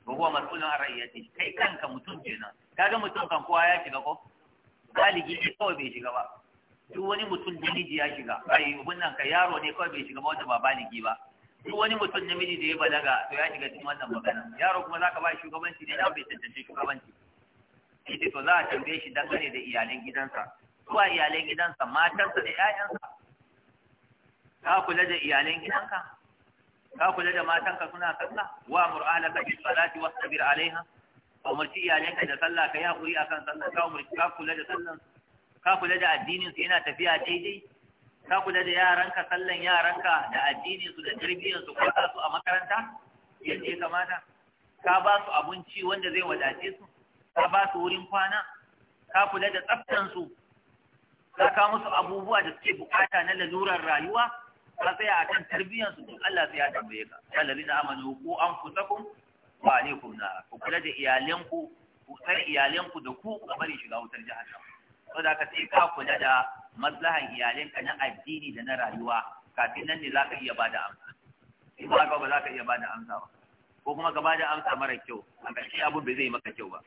wa huwa mas'ulun an ra'iyatihi kai kanka mutum kenan kaga mutum kan kowa ya shiga ko galibi kawai bai shiga ba duk wani mutum namiji ya shiga ai wannan ka yaro ne kawai bai shiga ba wata baba ne ba duk wani mutum namiji da ya balaga to ya shiga cikin wannan magana yaro kuma zaka ba shugabanci ne dan bai tantance shugabanci ita to za a tambaye shi dangane da iyalan gidansa zuwa iyalan gidansa matarsa da ƴaƴansa ka kula da iyalan gidanka ka kula da matanka suna sallah wa ka bi salati sabir alaiha umarci iyalanka da sallah ka yi hakuri akan sallah ka umarci ka kula da sallansu ka kula da addinin su yana tafiya daidai ka kula da yaranka sallan yaranka da addinin su da tarbiyyar su ko su a makaranta yadda ya kamata ka ba su abinci wanda zai wadace su ka ba su wurin kwana ka kula da tsaftan su ka ka musu abubuwa da suke bukata na lalurar rayuwa ka tsaya akan tarbiyyar su duk Allah sai ya tambaye ka allazina amanu ku anfusakum wa alaikum na ku kula da iyalanku ku tsare iyalanku da ku ku bari shiga wutar jahannam saboda ka sai ka kula da maslahan iyalinka na addini da na rayuwa kafin nan ne za ka iya ba da amsa in ba ka ba za ka iya ba da amsa ba ko kuma ka ba da amsa mara kyau a ƙarshe abun bai zai maka kyau ba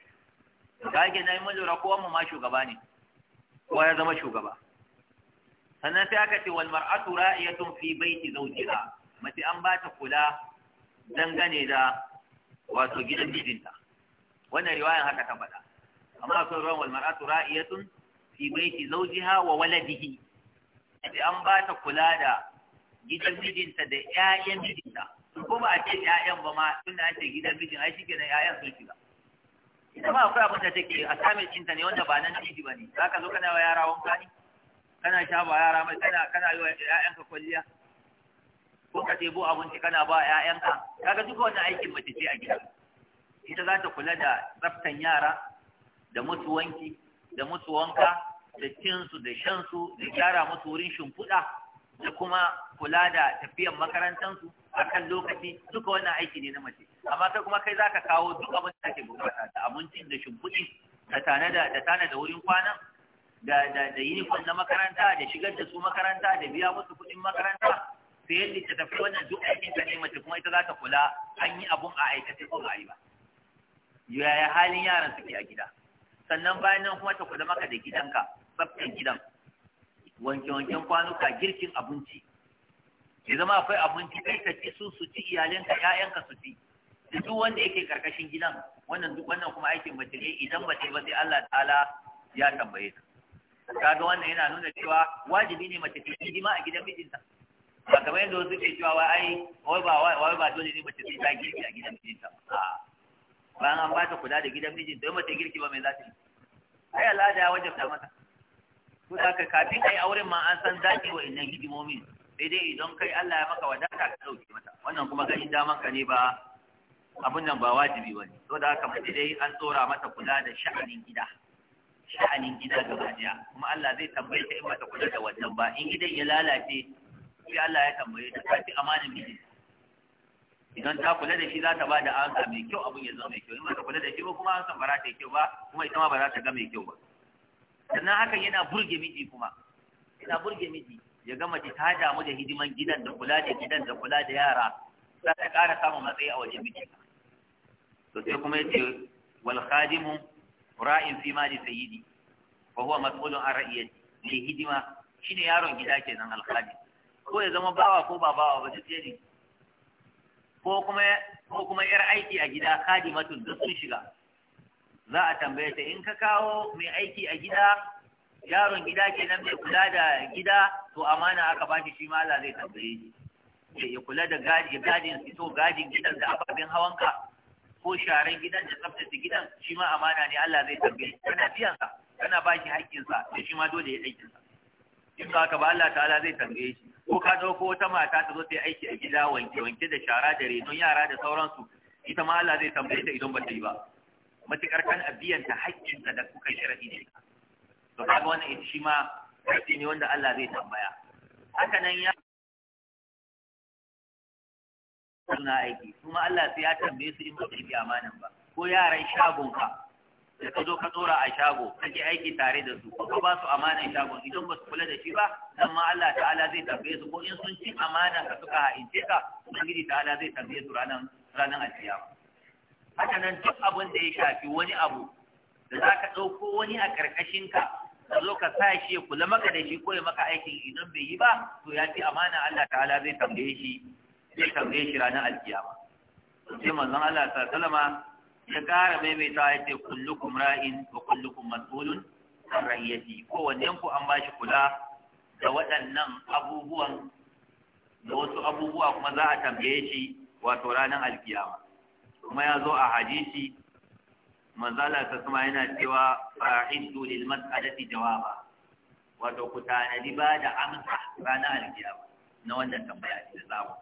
ka yake na yi mazura kowa mu ma shugaba ne ko ya zama shugaba sannan sai aka ce wal mar'atu ra'iyatun fi baiti zawjiha mace an ba ta kula dangane da wato gidan mijinta wannan riwayan haka ta faɗa amma sun ruwan wal mar'atu ra'iyatun fi baiti zaujiha wa waladihi sai an ba ta kula da gidan mijinta da ƴaƴan mijinta ko ba a ce ƴaƴan ba ma tunda an ce gidan mijin ai da ƴaƴan sun shiga ita ma akwai abin da take a samun cinta ne wanda ba nan ciki ba ne za ka zo kana wa yara wanka ne kana shafa yara mai kana kana yi wa ƴaƴanka kwalliya ko ka tebo abinci kana ba ƴaƴanka kaga duka wannan aikin mace ce a gida ita za ta kula da tsaftan yara da musu wanki da musu wanka da cinsu da shansu da gyara musu wurin shimfiɗa da kuma kula da tafiyan makarantansu a kan lokaci duka wannan aiki ne na mace amma kai kuma kai zaka kawo duk abin da ake bukata da abincin da shimfiɗi da tana da da wurin kwana da da da na makaranta da shigar da su makaranta da biya musu kuɗin makaranta sai yadda ta tafi wannan duk aikin ta ne mace kuma ita za ta kula an yi abun a aikace ko ba yi ba yaya halin yaran suke a gida sannan bayan nan kuma ta kula maka da gidanka tsaftar gidan wanke-wanken kwanuka girkin abinci ya zama akwai abinci kai ka ci su su ci iyalinka ƴaƴanka su ci da duk wanda yake karkashin gidan wannan duk wannan kuma aikin mace ne idan ba ba sai Allah ta'ala ya tambaye ta kaga wannan yana nuna cewa wajibi ne mace ta hidima a gidan mijinta ba kamar yadda wasu ke cewa wai ai wai ba wai ba dole ne mace ta girki a gidan mijinta ba bayan an bata kula da gidan mijin Sai mace girki ba mai zafi. ai Allah da ya wajabta mata ko da ka kafin ai auren ma an san zaki wa innan mumin? sai dai idan kai Allah ya maka wadata ka dauke mata wannan kuma ganin daman ka ne ba abun nan ba wajibi bane to da haka mace dai an tsora mata kula da sha'anin gida sha'anin gida ga gajiya kuma Allah zai tambaye ta in mata kula da wannan ba in gidan ya lalace sai Allah ya tambaye ta kafi amanin mijin idan ta kula da shi za ta ba da ansa mai kyau abin ya zama mai kyau in ba ta kula da shi ba kuma ansa ba za ta yi kyau ba kuma ita ma ba za ta ga mai kyau ba sannan hakan yana burge miji kuma yana burge miji ya ga mace ta damu da hidiman gidan da kula da gidan da kula da yara za ta ƙara samun matsayi a wajen miji to sai kuma yace wal khadimu ra'in fi li sayyidi fa huwa mas'ulun an ra'iyati li hidima shine yaron gida kenan al khadim ko ya zama bawa ko ba bawa ba duk ne ko kuma ko kuma yar aiki a gida kadimatu da sun shiga za a tambaye ta in ka kawo mai aiki a gida yaron gida ke nan mai kula da gida to amana aka ba shi ma Allah zai tambaye shi ya kula da gadi gadin to gadin gidan da ababen hawanka ko sharan gidan da tsaftace gidan shi ma amana ne Allah zai tambaye shi kana biyan sa kana ba haƙƙin sa shi ma dole ya aikin sa in ba ka ba Allah ta'ala zai tambaye shi ko ka ko wata mata ta zo ta yi aiki a gida wanke wanke da shara da reton yara da sauransu ita ma Allah zai tambaye ta idan ba ta yi ba matukar kan abiyanta haƙƙinta da kuka sharadi ne to kaga wannan ita shi ma haƙƙi ne wanda Allah zai tambaya haka nan ya suna aiki kuma Allah sai ya tambaye su in ba su yi amanan ba ko yaran shagon ka. da ka zo ka tsora a shago ke aiki tare da su ko ba su a shagon idan ba su kula da shi ba dan ma Allah ta'ala zai tambaye su ko in sun ci amana ka suka ha'ince ka ubangiji ta'ala zai tambaye su ranan ranan alkiyama haka nan duk abin da ya shafi wani abu da za ka ɗauko wani a ƙarƙashin ka ka zo ka sa shi ya kula maka da shi ko ya maka aikin idan bai yi ba to ya ci amana Allah ta'ala zai tambaye shi zai tabbe shi ranan alkiyama sai manzon Allah sallallahu alaihi ya ƙara maimaita ya ce kullukum ra'in wa kullukum mas'ulun an rayyati kowannen ku an bashi kula da waɗannan abubuwan da wasu abubuwa kuma za a tambaye shi wato ranar alkiyama kuma ya zo a hadisi manzala ta kuma yana cewa fa'idu lil mas'alati jawaba wato ku tanadi ba da amsa ranar alkiyama na wannan tambaya da za ku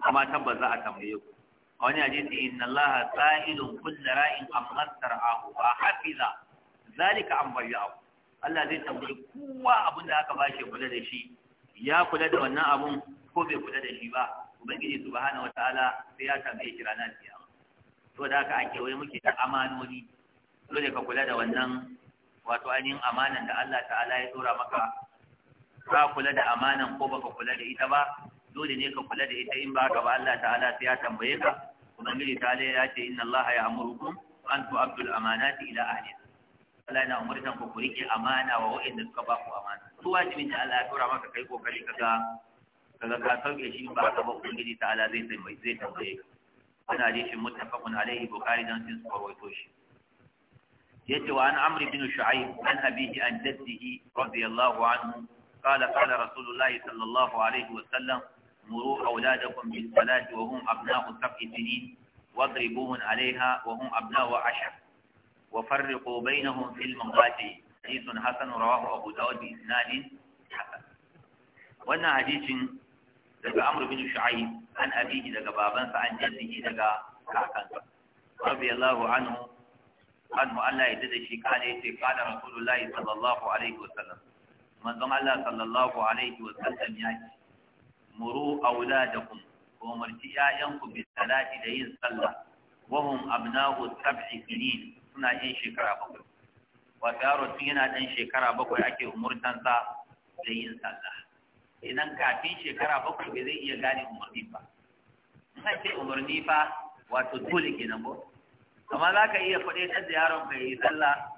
kuma tabbas za a tambaye ku a wani hadisi inna Allah sa'ilun kullu ra'in amma sar'ahu wa hafiza zalika an bayya'u Allah zai tambayi kowa abin da aka bashi kula da shi ya kula da wannan abun ko bai kula da shi ba ubangiji subhanahu wataala sai ya tambaye shi ranar kiyama to da aka ake wai muke da amanoni dole ka kula da wannan wato ainihin amanan da Allah ta'ala ya dora maka ka kula da amanan ko baka kula da ita ba dole ne ka kula da ita in ba haka ba Allah ta'ala sai ya tambaye ka Kuma ubangiji ta ya ce inna Allah ya amurukum an tu'addu al-amanati ila ahliha Allah yana umurtan ku ku rike amana wa wa'inda suka ba ku amana su wajibi da Allah ya tura maka kai kokari kaga kaga ka sauke shi ba haka ba ubangiji ta'ala zai tambaye zai tambaye ka wani hadisin muttafaqun alaihi bukhari dan sun rawaito shi yace wa an Amri bin shu'aib an abihi an jaddihi radiyallahu anhu قال قال رسول الله صلى الله عليه وسلم مروا أولادكم بالصلاة وهم أبناء سبع سنين واضربوهن عليها وهم أبناء عشر وفرقوا بينهم في المضاجع حديث حسن رواه أبو داود بإسناد حسن وأن حديث daga Amr bin Shu'aib an abihi daga babansa an jaddihi daga kakansa radiyallahu anhu anhu Allah ya dade shi kana yace kana Rasulullahi sallallahu alaihi wasallam manzon Allah sallallahu alaihi wasallam ya ce muru auladakum ku umarci ƴaƴanku bi salati da yin sallah wa hum abna'u sab'i sinin suna yin shekara bakwai Wasu yaro tun yana ɗan shekara bakwai ake umurtansa da yin sallah idan kafin shekara bakwai ba zai iya gane umarni ba in ake umarni fa wato dole kenan ba. amma za ka iya faɗe da yaron ka yi sallah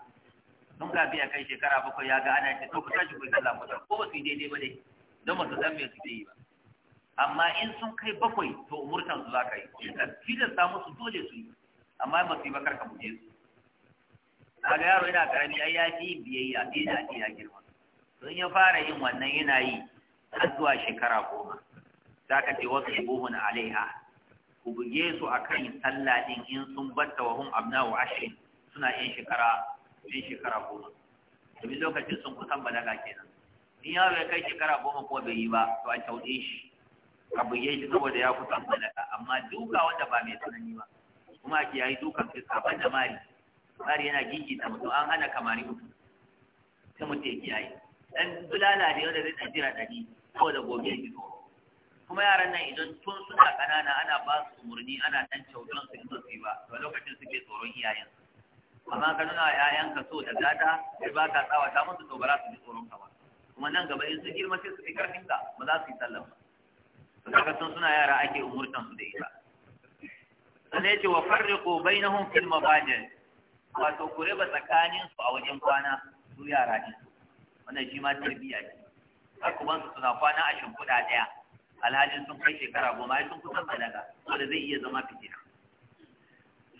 tun kafin ya kai shekara bakwai ya ga ana ce to ku tashi ku yi sallah ko ba su yi daidai ba ne don ba su san me suke yi ba amma in sun kai bakwai to umurtan su za ka yi samu su dole su yi amma ba su yi bakar karka buje su kaga yaro yana karami ai ya fi biyayya sai da ya girma don ya fara yin wannan yana yi har zuwa shekara goma za ka ce wasu buhun alaiha ku buge su a kan sallah ɗin in sun batta wa hun abna wa ashirin suna yin shekara yin shekara goma domin lokacin sun kusan balaga kenan in yaro ya kai shekara goma ko bai yi ba to a kyauɗe shi a buge shi saboda ya kusan malaka amma duka wanda ba mai tsanani ba kuma ake yayi dukan fiska ban da mari mari yana gigita mutum an hana kamari mutum Ta mutum ya yi. dan bulala da yau da zai tsajira ɗari saboda gobe ya ji kuma yaran nan idan tun suna ƙanana ana ba su umarni ana ɗan cautan su in su yi ba to lokacin suke tsoron iyayen amma ka nuna ‘ya'yanka so da gada sai ba ka tsawata musu to ba za su ji tsoron ka ba kuma nan gaba in su girma sai su fi karfin ka ba za su yi sallama kaga sun suna yara ake umurtan su da ita sannan yace wa farriqu bainahum fil mabajin wato ku raba tsakanin su a wajen kwana su yara ne wannan shi ma tarbiyya ce haka ban su suna kwana a shimfiɗa ɗaya alhalin sun kai shekara goma ya sun kusan balaga wanda zai iya zama fitina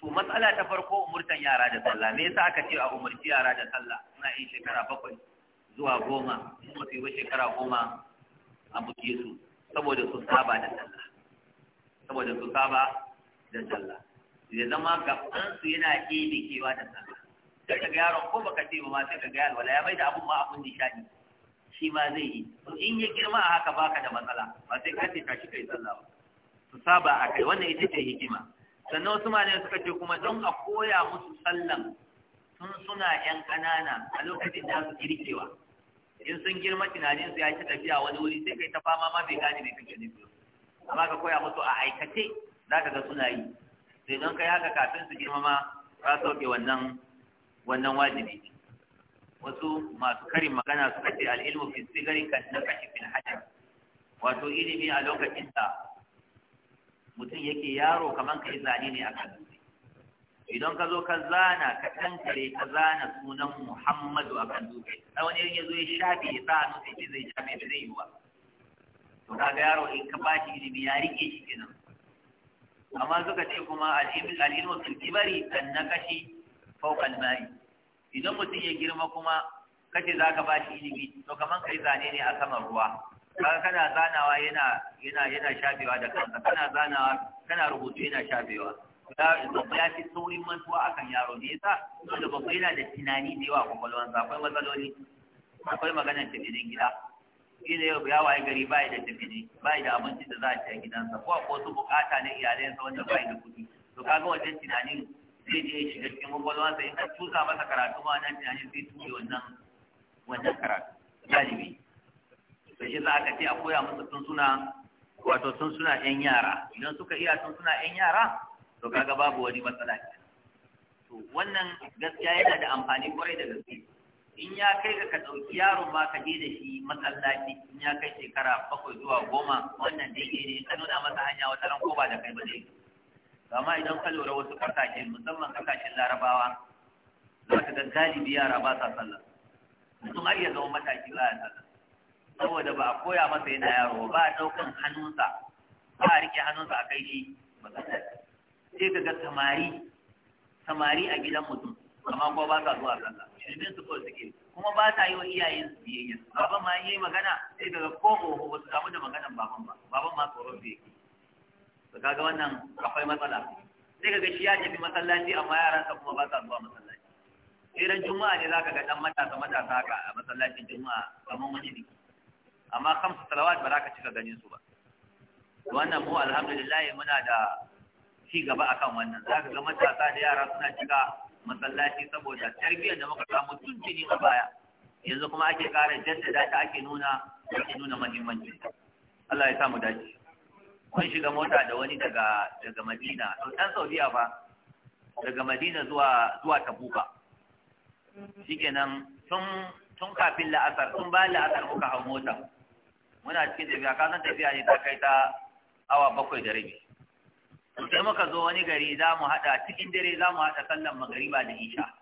to matsala ta farko umurtan yara da sallah me yasa aka ce a umurci yara da sallah suna yin shekara bakwai zuwa goma in ba su yi shekara goma a buke su saboda su saba da Allah saboda su saba da Allah ya zama gaban su yana kewa da sallah sai kaga yaron ko baka ce ba ma sai ga yaron wala ya maida abun ma abun nishadi shi ma zai yi to in ya girma a haka baka da matsala ba sai ka ce tashi kai sallah ba su saba a kai wannan ita ce hikima sannan wasu ne suka ce kuma don a koya musu sallan sun suna yan ƙanana a lokacin da su girkewa in sun girma tunanin su ya ci tafiya wani wuri sai kai ta fama ma bai gane mai ne ba amma ka koya musu a aikace zaka ga suna yi sai don kai haka kafin su girma ma ka sauke wannan wannan wajibi wasu masu karin magana suka ce al'ilmu fi sigari kan na kashi fil hajar wato ilimi a lokacin da mutum yake yaro kamar kai zane ne a kan dutse idan ka zo ka zana ka tankare ka zana sunan Muhammadu a kan dutse sai wani ya zo ya shafe ya sa hannu sai zai shafe da zai yi wa to ga yaro in ka ba shi ilimi ya rike shi kenan amma suka ce kuma al'ilmu fil kibari kan na kashi faukan mai idan mutum ya girma kuma kace ka ba shi ilimi to ka kai zane ne a saman ruwa kaga kana zanawa yana yana yana shafewa da kansa kana zanawa kana rubutu yana shafewa ya fi saurin mantuwa akan yaro ne yasa da babba yana da tunani da yawa kwakwalwansa akwai matsaloli akwai maganar tafidin gida Ina yau ya waye gari bai da tafidi bai da abinci da za a ci a gidansa ko a wasu bukata na iyalansa wanda bai da kuɗi to kaga wajen tunanin zai je ya shiga cikin sa, in ka cusa masa karatu ma wannan tunanin zai tuye wannan wannan karatu galibi da shi za a ce a koya musu tun suna wato tun suna 'yan yara idan suka iya tun suna 'yan yara to kaga babu wani matsala to wannan gaskiya yana da amfani kwarai da gaske in ya kai ga ka ɗauki yaron ma ka je da shi masallaci in ya kai shekara bakwai zuwa goma wannan daidai ne ka nuna masa hanya wata ran ko ba da kai ba zai amma idan ka lura wasu kasashe musamman kasashen larabawa za ka ga galibi yara ba sa sallah mutum har ya zama mataki ba ya sallah saboda ba a koya masa yana yaro ba a ɗaukan hannunsa ba a riƙe hannunsa a kai shi masallaci sai ka ga samari samari a gidan mutum amma ko ba sa zuwa sallah shirin su kawai suke kuma ba sa yi wa iyayen su biyayya baban ma yi magana sai daga ko ko ba su samu da maganan baban ba baban ma tsoron su yake to kaga wannan akwai matsala sai kaga shi ya tafi masallaci amma yaransa kuma ba sa zuwa masallaci ran juma'a ne zaka ga dan matasa matasa haka a masallacin juma'a kamar wani biki amma kamsu salawat ba za ka cika ganin su ba wannan mu alhamdulillah muna da ci gaba a kan wannan za ka ga matasa da yara suna shiga masallaci saboda tarbiyyar da muka samu tun tuni a baya yanzu kuma ake ƙara jaddada ta ake nuna ake nuna muhimmancin Allah ya sa mu dace kun shiga mota da wani daga daga Madina to dan Saudiya fa daga Madina zuwa zuwa Tabuka shikenan tun tun kafin la'asar tun bayan la'asar muka hau mota muna cikin tafiya kasan tafiya ne ta kai ta awa bakwai da rabi sai muka zo wani gari za mu haɗa cikin dare za mu haɗa sallan magariba da isha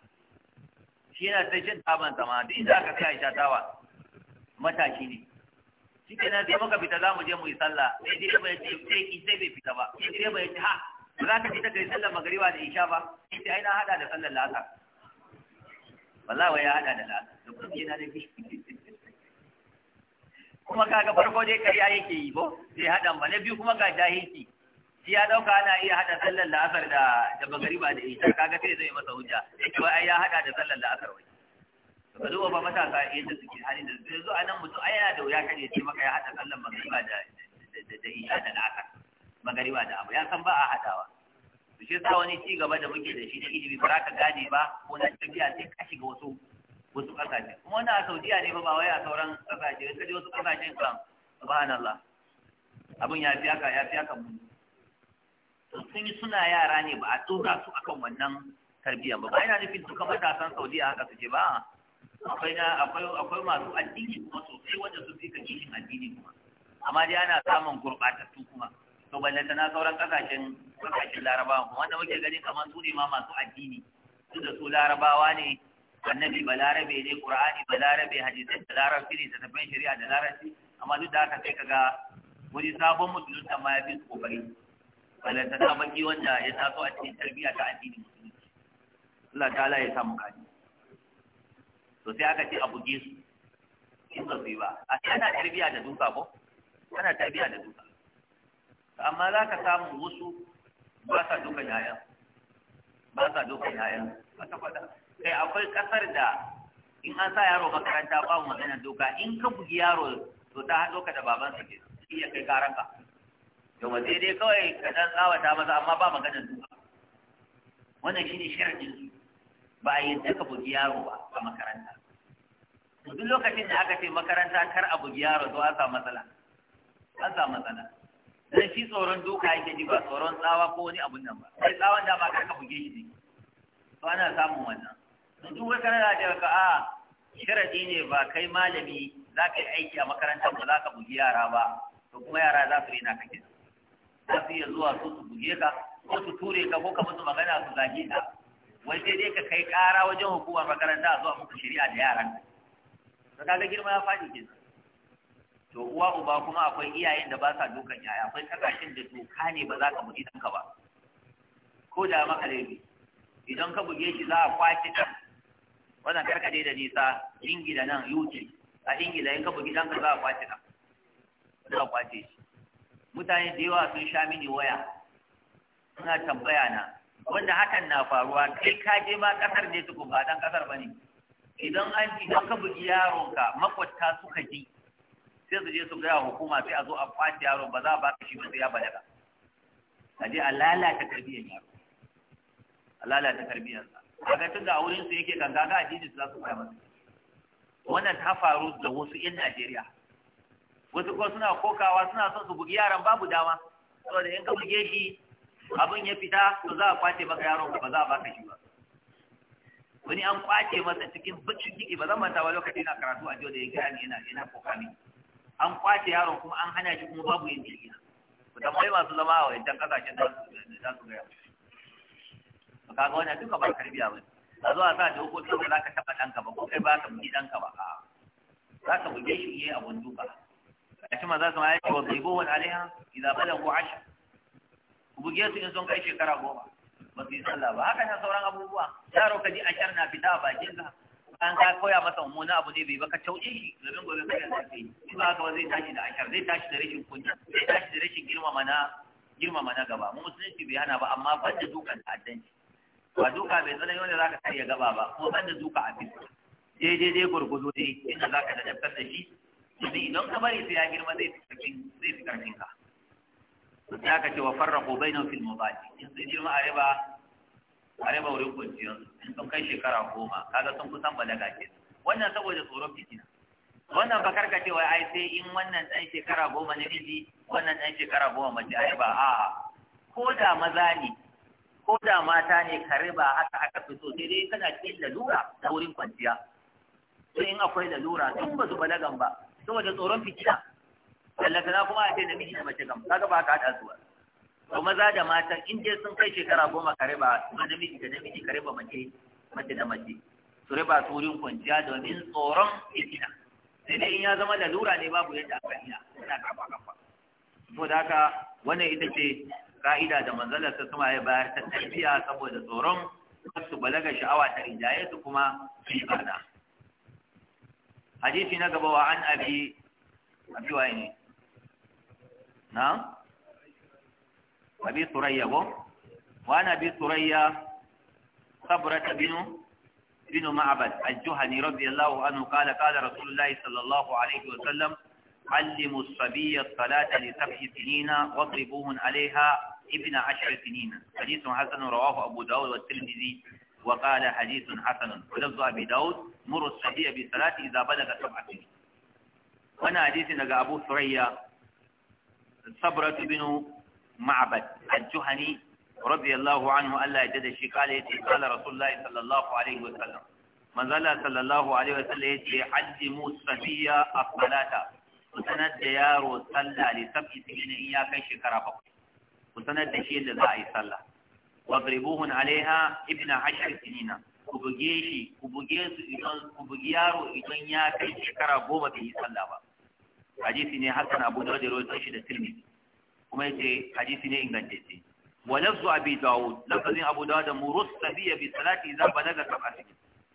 shi yana ta shi taban sama duk inda aka kai isha tawa matashi ne shi ke nan sai muka fita za mu je mu yi sallah sai direba ya ce sai ki sai bai fita ba sai direba ya ce ha ba za ka fita kai sallan magariba da isha ba sai dai ina haɗa da sallan lasa wallahi wai ya haɗa da lasa da kuma yana da bishi kuma kaga farko dai kariya yake yi bo sai haɗan ba na biyu kuma ga jahilci shi ya dauka ana iya hada sallar la'asar da da magariba da ita, kaga sai zai masa hujja yake wai ai ya hada da sallar la'asar wai to ba zuwa ba matasa yadda suke hali da sai zo anan mutum ai yana da wuya kan ya ce maka ya hada sallar magariba da da da la'asar magariba da abu ya san ba a hadawa to shi sa wani ci gaba da muke da shi da ilimi ba ka gane ba ko na tafiya sai ka shiga wasu wasu kasashe kuma wannan a Saudiya ne ba ba wai a sauran kasashe sai wasu kasashen kan subhanallah abun ya fi aka ya fi mun sun yi suna yara ne ba a tura su akan wannan tarbiyya ba ba yana nufin duka matasan saudiya haka su ce ba akwai na akwai masu addini kuma sosai wanda su fi kishin addini kuma amma dai ana samun gurɓatattu kuma to balle na sauran kasashen kasashen larabawa kuma wanda muke gani kamar su ne ma masu addini su da su larabawa ne annabi balarabe ne qur'ani balarabe hadisai da larabci ne da tafiyar shari'a da larabci amma duk da haka sai kaga wani sabon musulunta ma ya fi su kokari balanta da baki wanda ya taso a cikin tarbiyya ta addinin musulunci Allah ta'ala ya samu kaji to sai aka ce a buge su in ba su yi ba a ana tarbiyya da duka ko ana tarbiyya da duka amma za ka samu wasu ba sa dukan yayan ba sa dukan yayan ba ta faɗa kai akwai ƙasar da in an sa yaro makaranta babu maganar doka in ka bugi yaro to ta haɗo ka da babansa ke iya kai karanka to ba sai dai kawai ka dan tsawata masa amma ba maganar duka wannan shine sharadin su ba a yadda ka bugi yaro ba a makaranta to duk lokacin da aka ce makaranta kar a bugi yaro to an samu matsala an samu matsala dan shi tsoron duka yake ji ba tsoron tsawa ko wani abun nan ba sai tsawon da ba ka buge shi ne to ana samun wannan to duk wata rana da ka a ah, sharadi ne ba kai malami za ka yi aiki a makarantar ba za ka bugi yara ba to kuma yara za su rena ka kenan zafi ya zuwa su su buge ka ko su ture ka ko ka musu magana su zage ka wai sai dai ka kai ƙara wajen hukumar makaranta a zuwa muku shari'a da yaran ka kaga girma ya faɗi ke to uwa uba kuma akwai iyayen da ba sa dukan yaya akwai kasashen da doka ne ba za ka bugi ka ba ko da maka laifi idan ka buge shi za a kwace ta wannan karka dai da nisa ingila nan yuce a ingila in ka bugi ɗanka za a kwace ta za a kwace shi mutane da yawa sun sha mini waya suna tambaya na wanda hakan na faruwa kai ka je ma kasar ne tukun ba dan kasar bane idan an idan ka bugi yaronka makwata suka ji sai su je su gaya hukuma sai a zo a kwace yaron ba za a baka shi ba sai ya balaga a je a lalata tarbiyyar yaro a lalata tarbiyyarsa kaga da a wurin su yake kan kaga addini su za su koya masa wannan ta faru da wasu 'yan Najeriya wasu ko suna kokawa suna son su bugi yaran babu dama saboda in ka buge shi abin ya fita to za a kwace maka yaron ba za a baka shi ba wani an kwace masa cikin bakin ciki ba zan manta ba lokacin ina karatu a jiya da ya gani yana yana kokami an kwace yaron kuma an hana shi kuma babu yin jiki ku tambayi masu zama a wajen kasashen da su gaya ba ga wannan duka ba karbiya ba a zo a sa da hukuncin da za ka taɓa ɗanka ba ko kai ba ka bugi ɗanka ba za ka buge shi iya abun duka gashi maza su ma'aiki wa zaibuwan alaiha idan bada ko ashe. ku buge su in sun kai shekara goma ba su yi sallah ba haka nan sauran abubuwa yaro ka ji ashar na fita a bakin ka an ka koya masa mummuna abu ne bai baka tauce shi domin gobe kai da zafi in ba haka ba zai tashi da ashar zai tashi da rashin kunya zai tashi da rashin girmama na girmama na gaba mu musulunci bai hana ba amma ban da dukan ta'addanci ba duka bai yau ne za ka karya gaba ba ko ban da duka a fiska daidai dai gurgudu dai inda zaka da da shi yanzu idan ka bari sai ya girma zai fi karfin zai fi karfin ka sai aka ce wa farraqu bainahum fil mabaji in sai girma a riba wurin kwanciyar in sun kai shekara goma kaga sun kusan balaga ke wannan saboda tsoron fitina wannan ba karka ce wai ai sai in wannan dan shekara goma na miji wannan dan shekara goma mace ai ba a ko da maza ne ko da mata ne ka riba haka aka fito sai dai kana cikin lalura ta wurin kwanciya sai in akwai lalura tun ba su balagan ba saboda tsoron fitina ta kuma a ce namiji da mace kam kaga ba ka haɗa zuwa to maza da mata in dai sun kai shekara goma ka riba kuma namiji da namiji ka riba mace mace da mace su riba su wurin kwanciya domin tsoron fitina sai dai in ya zama da lura ne babu yadda aka iya suna kafa kafa da haka wannan ita ce ka'ida da manzalar ta suma ya bayar ta tarbiya saboda tsoron su balaga sha'awa ta rijaye su kuma su yi barna hadisi na gaba wa an abi abi wa ne na abi surayya ko wa an abi surayya sabrata binu بن معبد الجهني رضي الله عنه قال قال رسول الله صلى الله عليه وسلم علموا الصبي الصلاة لسبع سنين واضربوهن عليها ابن عشر سنين حديث حسن رواه أبو داود والترمذي وقال حديث حسن ولفظ أبي داود muru sabiya bi salati idza balaga sab'atin wannan hadisi daga Abu Surayya Sabra bin Ma'bad al-Juhani radiyallahu anhu Allah ya dade shi kale yace kala Rasulullahi sallallahu alaihi wa sallam manzala sallallahu alaihi wa sallam yace haddimu sabiya as-salata sanar da yaro sallah li sab'i sinin in ya kai shekara bakwai ku da shi yadda za a yi sallah wadribuhun alaiha Ibn ashar sinina ku buge shi ku buge su idan ku bugi yaro idan ya kai shekara goma bai yi sallah ba hadisi ne hasan abu da da rawaito shi da tilmi kuma ce hadisi ne ingantacce wa lafzu abi daud lafazin abu daud murus sabiya bi salati daga saba sab'ati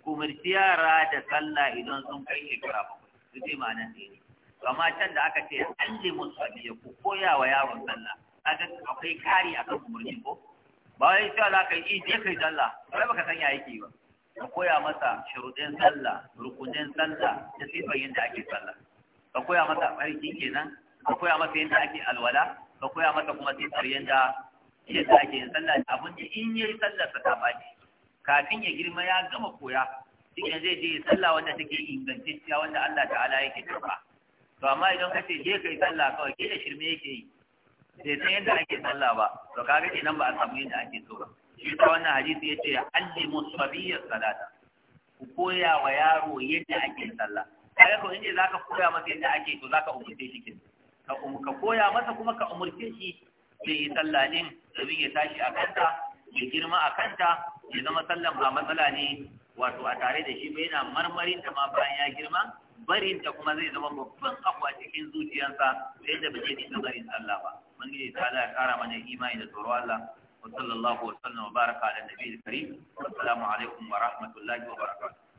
kumirti yara da sallah idan sun kai shekara bakwai su ce ma'anan ne amma can da aka ce allimu sabiya ku koya wa yaron sallah kaga akwai kari akan umarni ko ba wai cewa za ka yi je kai sallah ba baka san ya yake ba ka koya masa shirudin sallah rukunin sallah da sifar yadda ake sallah ka koya masa farki kenan ka koya masa yadda ake alwala ka koya masa kuma sifar yadda yadda ake yin sallah da abin da in yayi sallah sa ta baki kafin ya girma ya gama koya cikin zai je sallah wanda take ingantacciya wanda Allah ta'ala yake karba to amma idan ka ce je kai sallah kawai ke da shirme yake yi Sai san yadda ake sallah ba to kaga kenan ba a samu yadda ake so ba shi ta wannan hadisi ya ce allimu sabiyya salata ku koya wa yaro yadda ake sallah kaga ko inda zaka koya masa yadda ake to zaka umurce shi kin ka koya masa kuma ka umurce shi da yi sallah din domin ya tashi a kanta ya girma a kanta ya zama sallan ba matsala ne wato a tare da shi ba yana marmarin da ma bayan ya girma barin ta kuma zai zama babban abu a cikin zuciyarsa da yadda ba zai dinga barin sallah ba ubangiji ta ya kara mana imani da tsoro Allah وصلى الله وسلم وبارك على النبي الكريم والسلام عليكم ورحمة الله وبركاته